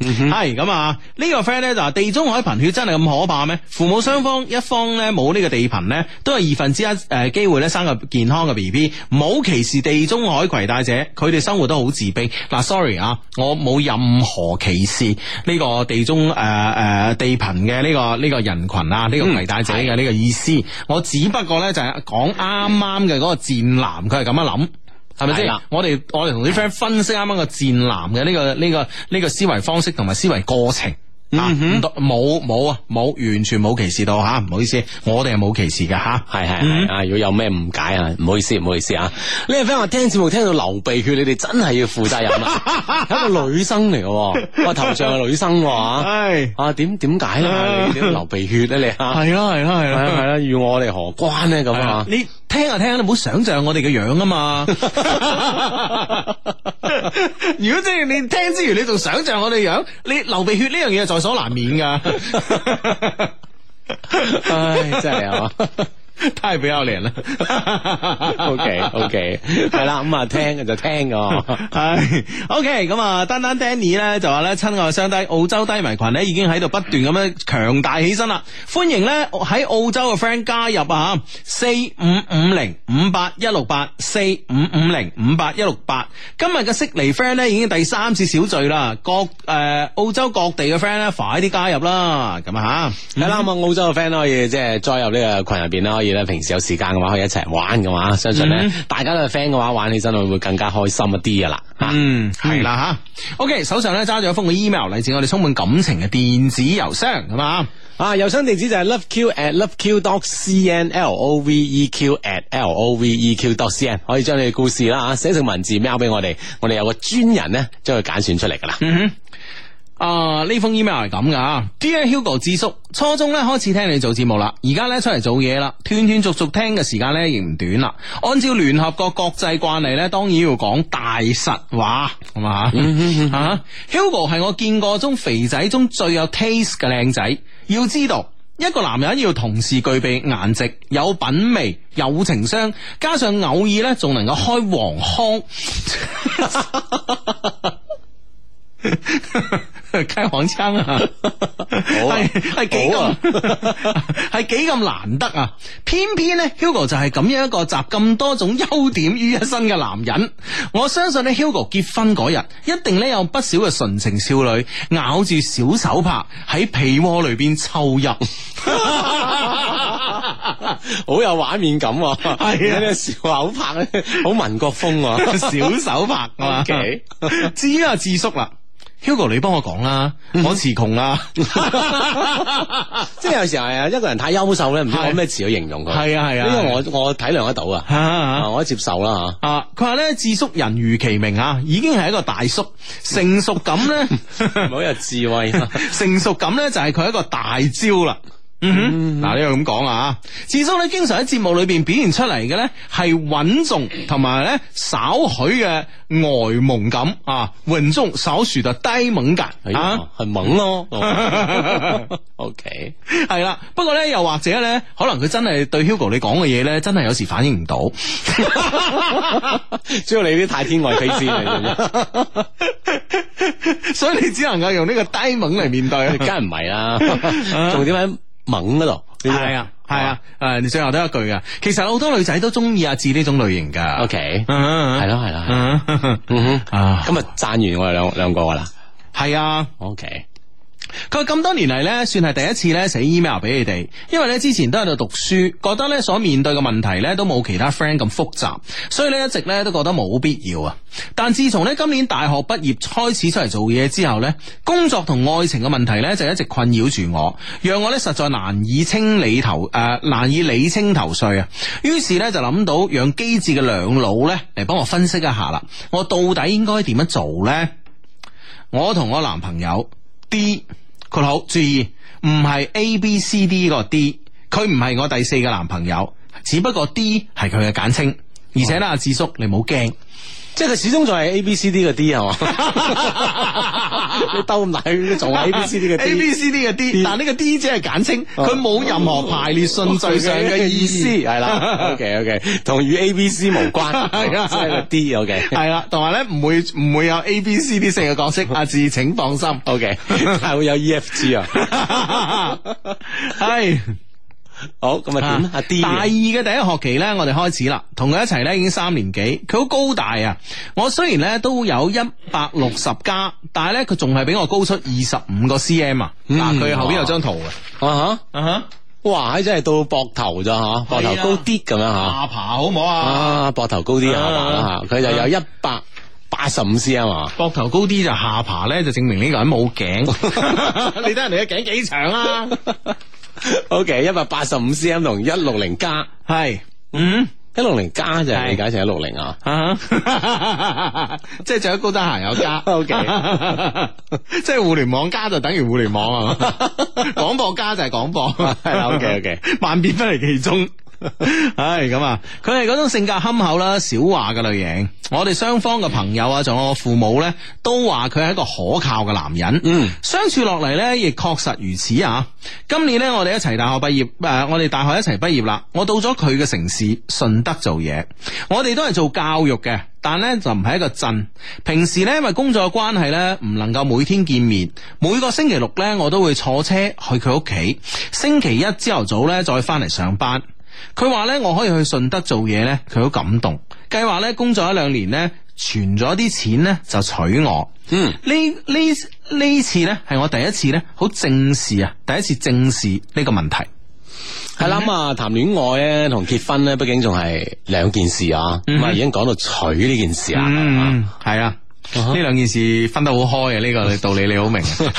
係，咁啊，呢個 friend 咧就話地中海貧血真係咁可怕咩？父母雙方一方咧冇呢個地貧咧，都係二分之一誒機會咧生個健康嘅 B B，唔好歧視地中海携帶者，佢哋生活得好自卑。嗱，sorry 啊，我冇任何歧視呢個地中。誒誒、呃呃，地貧嘅呢個呢、呢個人群啊，呢、呢個攜帶者嘅呢個意思，嗯、我只不過咧就係講啱啱嘅嗰個賤男，佢係咁樣諗，係咪先？我哋我哋同啲 friend 分析啱啱、嗰個賤男嘅呢個呢個呢個思維方式同埋思維過程。吓，冇 冇樂啊，冇完全冇歧視到吓，唔、啊、好意思，我哋係冇歧視嘅吓，係係啊，如果 有咩誤解啊，唔好意思，唔好意思啊，呢位 friend 話聽節目聽到流鼻血，你哋真係要負責任啊， 一個女生嚟嘅，我、啊、頭像係女生話，係啊，點點解啊？點流鼻血咧你、啊，係啦係啦係啦係啦，與我哋何關咧咁 啊？你。 聽下聽下，你唔好想象我哋嘅樣啊嘛！ 如果即係你聽之餘，你仲想象我哋樣，你流鼻血呢樣嘢，在所難免噶。 唉，真係啊 太係比較靚啦。O K O K 係啦，咁、嗯、啊聽就聽個。係 O K 咁啊，丹丹 Danny 咧就話咧，親愛嘅相低，澳洲低迷群咧已經喺度不斷咁樣強大起身啦。歡迎咧喺澳洲嘅 friend 加入啊吓，四五五零五八一六八，四五五零五八一六八。今日嘅悉尼 friend 咧已經第三次小聚啦，各誒、呃、澳洲各地嘅 friend 咧快啲加入啦。咁啊吓，有啦，咁啊澳洲嘅 friend 可以即係再入呢個群入邊啦。咧，平時有時間嘅話，可以一齊玩嘅話，相信咧、mm hmm. 大家都係 friend 嘅話，玩起身會會更加開心一啲嘅啦。嗯、mm，係啦吓。OK，手上咧揸住一封嘅 email 嚟自我哋充滿感情嘅電子郵箱，係嘛啊？郵箱地址就係 love q at love q dot c n l o v e q at l o v e q dot c n，可以將你嘅故事啦吓寫成文字 mail 俾我哋，我哋有個專人咧將佢揀選出嚟噶啦。Mm hmm. 啊！呢封 email 係咁噶，Dear Hugo，智叔，初中呢開始聽你做節目啦，而家呢出嚟做嘢啦，斷斷續續聽嘅時間呢，亦唔短啦。按照聯合國國際慣例呢，當然要講大實話，係嘛？Hugo 係我見過中肥仔中最有 taste 嘅靚仔。要知道一個男人要同時具備顏值、有品味、有情商，加上偶爾呢，仲能夠開黃腔。雞航槍啊，係係幾咁係幾咁難得啊！偏偏咧，Hugo 就係咁樣一個集咁多種優點於一身嘅男人。我相信咧，Hugo 結婚嗰日，一定咧有唔少嘅純情少女咬住小手帕喺被窩裏邊抽泣， 好有畫面感。係啊，呢，啊、 小手帕咧、啊，好民國風，小手帕啊嘛。至於啊，智叔啦。Hugo，你幫我講啦，我詞窮啦， 即係有時候係啊，一個人太優秀咧，唔知我咩詞去形容佢。係啊係啊，呢、啊啊、個我我體諒得到噶，啊啊、我接受啦吓。啊，佢話咧智叔，人如其名啊，已經係一個大叔，成熟感咧，好有智慧，成熟感咧就係佢一個大招啦。 嗯哼，嗱、嗯，呢又咁講啊？志忠你經常喺節目裏邊表現出嚟嘅咧，係穩重，同埋咧稍許嘅呆萌感啊。穩、嗯、中稍殊，就低猛萌感啊，係猛咯。OK，係啦。不過咧，又或者咧，可能佢真係對 Hugo 你講嘅嘢咧，真係有時反應唔到。 主要你啲太天外飛仙嚟嘅，所以你只能夠用呢個低猛嚟面對。梗係唔係啦，仲點解？ 猛嗰度，係、嗯、啊，係啊，誒、啊，你、啊、最後都一句噶，其實好多女仔都中意阿志呢種類型噶。O K，係咯，係啦，今日，讚完我哋兩兩個啦，係啊，O K。Okay. 佢話咁多年嚟咧，算係第一次咧寫 email 俾你哋，因為咧之前都喺度讀書，覺得咧所面對嘅問題咧都冇其他 friend 咁複雜，所以咧一直咧都覺得冇必要啊。但自從咧今年大學畢業開始出嚟做嘢之後咧，工作同愛情嘅問題咧就一直困擾住我，讓我咧實在難以清理頭誒、呃、難以理清頭緒啊。於是咧就諗到讓機智嘅兩老咧嚟幫我分析一下啦，我到底應該點樣做呢？我同我男朋友。D 括號注意，唔係 A B C D 個 D，佢唔係我第四個男朋友，只不過 D 係佢嘅簡稱，而且咧阿、嗯啊、智叔你唔好驚，即係佢始終就係 A B C D 個 D 啊。 啲兜咁大，仲係 A B C D 嘅 D，A B C D 嘅 D，但呢個 D 只係簡稱，佢冇任何排列順序上嘅意思，係啦。OK，OK，同與 A B C 無關，係啊，即係個 D，OK，係啦，同埋咧唔會唔會有 A B C D 四個角色，阿志請放心。OK，係會有 E F G 啊，係。好，咁啊，點啊，啲大二嘅第一學期咧，我哋開始啦，同佢一齊咧已經三年幾，佢好高大啊！我雖然咧都有一百六十加，但係咧佢仲係比我高出二十五個 cm 啊！嗱，佢後邊有張圖啊哈，啊哈，哇！真係到膊頭咋吓？膊頭高啲咁樣吓，下爬好唔好啊？啊，膊頭高啲下爬吓，佢就有一百八十五 cm 啊！膊頭高啲就下爬咧，就證明呢個人冇頸。你睇下你嘅頸幾長啊！O K，一百八十五 C M 同一六零加係，嗯，一六零加就係理解成一六零啊，huh. 即係最高德行有加 ，O Okay . K， 即係互聯網加就等於互聯網啊，廣 播加就係廣播，係啦，O K，O K，萬變不離其宗。唉，咁、 哎、啊，佢係嗰種性格憨口啦，少話嘅類型。我哋雙方嘅朋友啊，仲有我父母呢，都話佢係一個可靠嘅男人。嗯，相處落嚟呢，亦確實如此啊。今年呢、呃，我哋一齊大學畢業誒，我哋大學一齊畢業啦。我到咗佢嘅城市順德做嘢，我哋都係做教育嘅，但呢就唔係一個鎮。平時呢，因為工作嘅關係呢，唔能夠每天見面。每個星期六呢，我都會坐車去佢屋企，星期一朝頭早呢，再翻嚟上班。佢話咧，我可以去順德做嘢咧，佢好感動。計劃咧工作一兩年咧，存咗啲錢咧就娶我。嗯，呢呢呢次咧係我第一次咧好正視啊，第一次正視呢個問題。係啦的，咁啊、嗯，談戀愛咧同結婚咧，畢竟仲係兩件事啊。唔係、嗯、哼已經講到娶呢件事啦。嗯，係啊吧。呢、啊、兩件事分得好開啊！呢、這個道理你好明，呢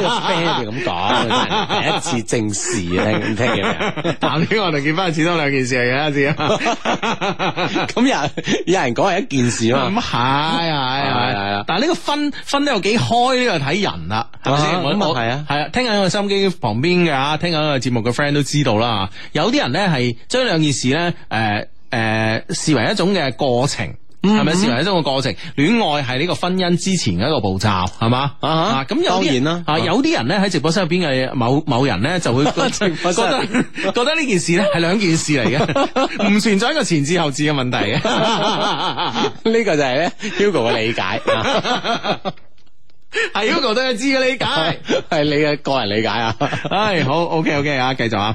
個 friend 咁講， 第一次正事啊，聽唔聽嘅？頭先 我哋見返係只多兩件事嚟嘅，一次啊，咁 人 有人講係一件事嘛，咁係係係， 但係呢個分分得有幾開呢？這個睇人啦、啊，係咪先？啊、哈我都冇係、嗯、啊，係啊，聽緊個收音機旁邊嘅啊，聽緊個節目嘅 friend 都知道啦，有啲人咧係將兩件事咧，誒、呃、誒、呃呃，視為一種嘅過程。係咪視為一個過程？戀愛係呢個婚姻之前嘅一個步驟，係嘛？啊，咁有啲啊，有啲人咧喺直播室入邊嘅某某人咧，就會覺得覺得呢件事咧係兩件事嚟嘅，唔存在一個前置後置嘅問題嘅。呢個就係咧 Hugo 嘅理解，係 Hugo 都係知嘅理解，係你嘅個人理解啊。唉，好，OK，OK，啊，繼續啊。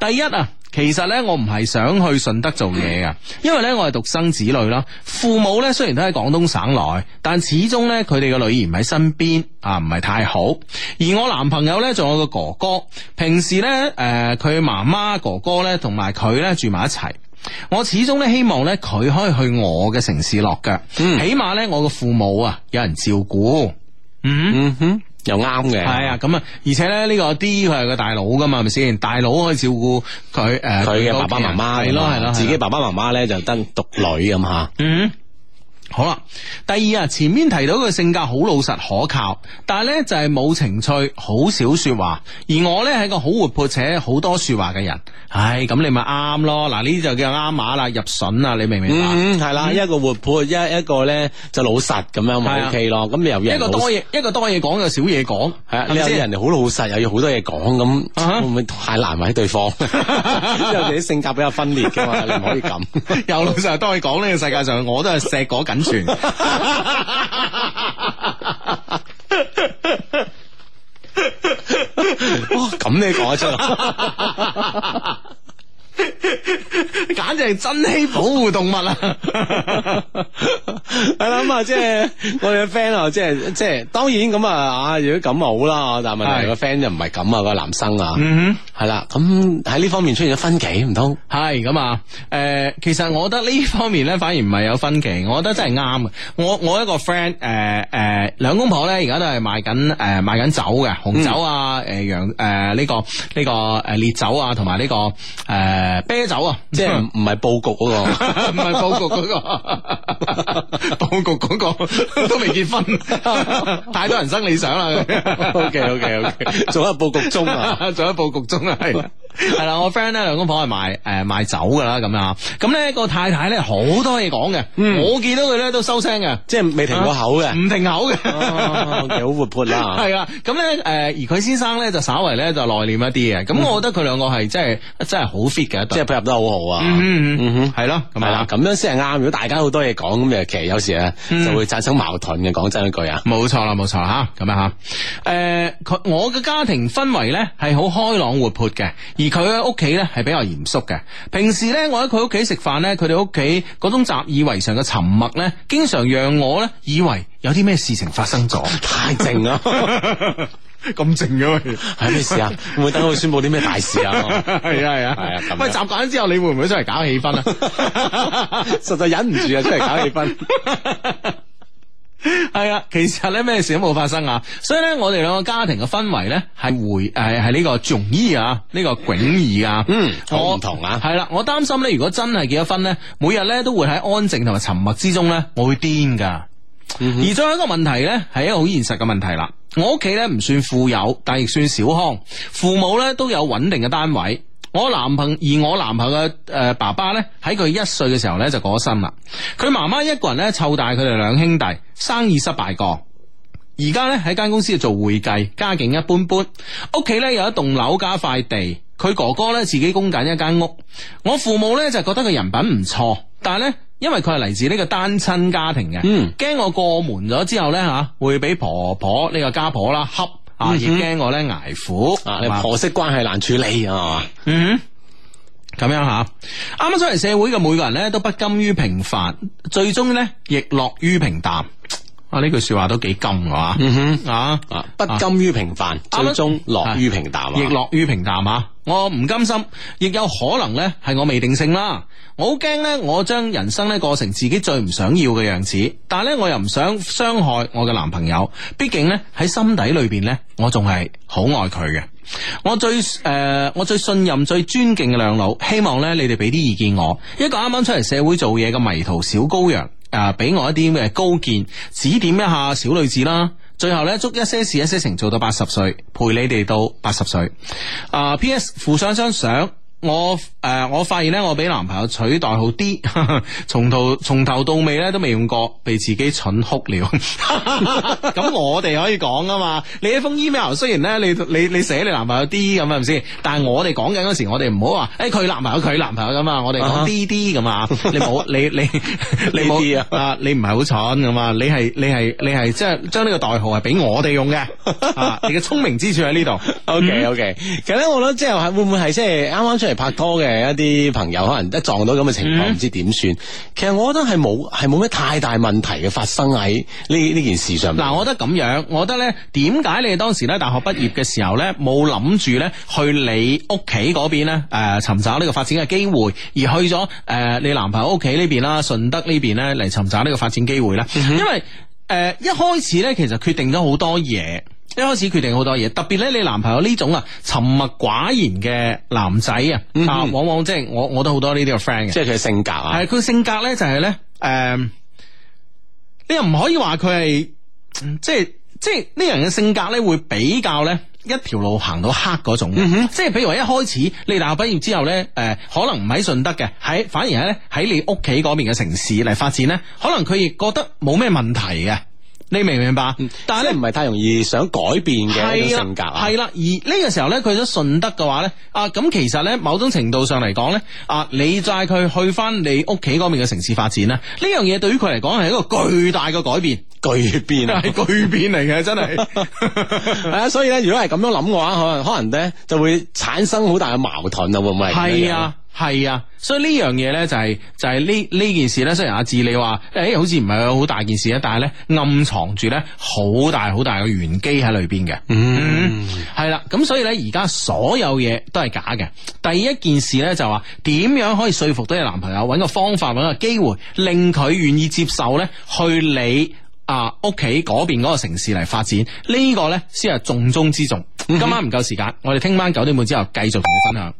第一啊。其實咧，我唔係想去順德做嘢噶，因為咧我係獨生子女啦。父母咧雖然都喺廣東省內，但始終咧佢哋嘅女兒唔喺身邊啊，唔係太好。而我男朋友咧，仲有個哥哥，平時咧誒，佢媽媽、哥哥咧同埋佢咧住埋一齊。我始終咧希望咧佢可以去我嘅城市落腳，嗯、起碼咧我嘅父母啊有人照顧。嗯，嗯哼。又啱嘅，係啊，咁啊，而且咧呢個阿 D 佢係個大佬噶嘛，係咪先？大佬可以照顧佢，誒、呃，佢嘅爸爸媽媽係咯，係咯，自己爸爸媽媽咧就得獨女咁吓。嗯。好啦，第二啊，前面提到佢性格好老實可靠，但係咧就係冇情趣，好少說話。而我咧係個好活潑且好多說話嘅人。唉，咁你咪啱咯。嗱，呢啲就叫啱馬啦，入榫啊，你明唔明白？係啦，一個活潑，一一個咧就老實咁樣咪 OK 咯。咁你又一個多嘢，一個多嘢講又少嘢講，係啊，你又人哋好老實，又要好多嘢講，咁會唔會太難為對方？即係自己性格比較分裂嘅嘛，你唔可以咁又老實又多嘢講，呢個世界上，我都係錫果緊。哇！咁你講得出？簡直係珍稀保護動物啊！係諗啊，即係我哋嘅 friend，啊，即係即係，當然咁啊，啊如果咁好啦，但係問題個 friend 就唔係咁啊，是個男生啊，嗯，哼，係啦， 咁喺呢方面出現咗分歧，唔通係咁啊？誒，其實我覺得呢方面咧，反而唔係有分歧，我覺得真係啱啊。我我一個 friend，誒誒，兩公婆咧，而家都係賣緊誒賣緊酒嘅紅酒啊，誒洋誒呢個呢個誒烈酒啊，同埋呢個誒。呃呃呃、啤酒啊，即係唔係布局嗰、嗰個，唔係 布局嗰、嗰個，布局嗰個都未結婚， 太多人生理想啦。 OK OK OK，仲喺布局中啊，仲喺 布局中啊，係。 係啦， 我 friend 咧兩公婆係賣誒、呃、賣酒噶啦咁樣吓、啊，咁咧個太太咧好多嘢講嘅，嗯、我見到佢咧都收聲嘅，即係未停過口嘅，唔、啊、停口嘅， 哦、好活潑啦。係啊， 咁咧誒而佢先生咧就稍為咧就內斂一啲嘅，咁、嗯、我覺得佢兩個係真係真係好 fit 嘅，嗯、段即係配合得好好啊。嗯嗯嗯，係咯，係啦，咁樣先係啱。如果大家好多嘢講咁，其實有時咧、嗯、就會產生矛盾嘅。講真一句錯錯啊，冇錯啦，冇錯吓，咁樣吓。誒、啊，佢我嘅家庭氛圍咧係好開朗活潑嘅。而佢喺屋企咧，係比較嚴肅嘅。平時咧，我喺佢屋企食飯咧，佢哋屋企嗰種習以為常嘅沉默咧，經常讓我咧以為有啲咩事情發生咗，生太靜咯，咁 靜咗咩？係咩 事，會會事 啊？會唔會等佢宣布啲咩大事啊？係啊係啊係啊！喂，習慣咗之後，你會唔會出嚟搞氣氛啊？實在忍唔住啊，出嚟搞氣氛。 係 啊，其實咧咩事都冇發生啊，所以咧我哋兩個家庭嘅氛圍咧係回誒係呢個仲姨啊，呢個囧姨啊，這個、啊嗯，好唔同啊，係啦，我擔心咧，如果真係結咗婚咧，每日咧都會喺安靜同埋沉默之中咧，我會癲噶，嗯、哼而最後一個問題咧係一個好現實嘅問題啦，我屋企咧唔算富有，但係亦算小康，父母咧都有穩定嘅單位。我男朋而我男朋友嘅誒、呃、爸爸咧，喺佢一歲嘅時候咧就過咗身啦。佢媽媽一個人咧湊大佢哋兩兄弟，生意失敗過。而家咧喺間公司做會計，家境一般般。屋企咧有一棟樓加塊地。佢哥哥咧自己供緊一間屋。我父母咧就覺得佢人品唔錯，但係咧因為佢係嚟自呢個單親家庭嘅，嗯，驚我過門咗之後咧吓會俾婆婆呢、這個家婆啦恰。啊！亦驚我咧挨苦啊！你婆媳關係難處理啊嘛？嗯哼，咁樣吓，啱啱出嚟社會嘅每個人咧都不甘於平凡，最終咧亦樂於平淡。啊！呢句說話都幾金嘅吓，啊！不甘於平凡，最終落於平淡，啊啊啊，亦落於平淡啊！我唔甘心，亦有可能咧係我未定性啦，啊。我好驚呢，我將人生咧過成自己最唔想要嘅樣子。但係咧，我又唔想傷害我嘅男朋友，畢竟呢，喺心底裏邊呢，我仲係好愛佢嘅。我最誒、呃，我最信任、最尊敬嘅兩老，希望呢，你哋俾啲意見我，一個啱啱出嚟社會做嘢嘅迷途小羔羊。啊！俾我一啲嘅高見，指點一下小女子啦。最後咧，祝一些事一些情做到八十歲，陪你哋到八十歲。啊！P.S. 附上張相。我誒、呃，我發現咧，我俾男朋友取代號 D，從頭從頭到尾咧都未用過，被自己蠢哭了。咁 我哋可以講噶嘛？你一封 email 雖然咧，你你你寫你男朋友 D 咁係咪先？但係我哋講緊時，我哋唔好話誒佢男朋友佢男朋友咁啊，我哋講 D、uh huh. D 咁啊。你冇你你你冇啊！你唔係好蠢噶嘛？你係你係你係即係將呢個代號係俾我哋用嘅啊！ uh, 你嘅聰明之處喺呢度。OK OK， 其實咧，我諗即係會唔會係即係啱啱出？拍拖嘅一啲朋友，可能一撞到咁嘅情況，唔知點算。嗯、其實我覺得係冇，係冇咩太大問題嘅發生喺呢呢件事上、嗯。嗱，我覺得咁樣，我覺得咧，點解你當時咧大學畢業嘅時候咧，冇諗住咧去你屋企嗰邊咧，誒、呃，尋找呢個發展嘅機會，而去咗誒、呃、你男朋友屋企呢邊啦，順德呢邊咧嚟尋找呢個發展機會咧？嗯、因為誒、呃、一開始咧，其實決定咗好多嘢。一開始決定好多嘢，特別咧，你男朋友呢種啊，沉默寡言嘅男仔啊，啊、嗯哼，往往即係我，我都好多呢啲嘅 friend 嘅。即係佢性格啊？係佢性格咧、就是，就係咧，誒，你又唔可以話佢係，即係即係呢人嘅性格咧，會比較咧一條路行到黑嗰種。嗯、哼即係譬如話一開始你大學畢業之後咧，誒、呃，可能唔喺順德嘅，喺反而喺咧喺你屋企嗰邊嘅城市嚟發展咧，可能佢亦覺得冇咩問題嘅。你明唔明白？但係唔係太容易想改變嘅性格啊？係啦、啊，而呢個時候咧，佢咗順德嘅話咧，啊咁其實咧，某種程度上嚟講咧，啊你帶佢去翻你屋企嗰邊嘅城市發展咧，呢樣嘢對於佢嚟講係一個巨大嘅改變，巨變啊！係巨變嚟嘅，真係係 啊！所以咧，如果係咁樣諗嘅話，可能可能咧就會產生好大嘅矛盾啊！會唔會？係啊。係啊，所以呢樣嘢呢，就係就係呢呢件事呢。雖然阿志你話誒、欸、好似唔係好大件事大大、嗯、啊，但係呢暗藏住，呢好大好大嘅玄機喺裏邊嘅。嗯，係啦，咁所以呢，而家所有嘢都係假嘅。第一件事呢，就話點樣可以說服到你男朋友，揾個方法，揾個機會，令佢願意接受呢去你啊屋企嗰邊嗰個城市嚟發展。呢、呢個呢，先係重中之重。 今晚唔夠時間，我哋聽晚九點半之後繼續同你分享。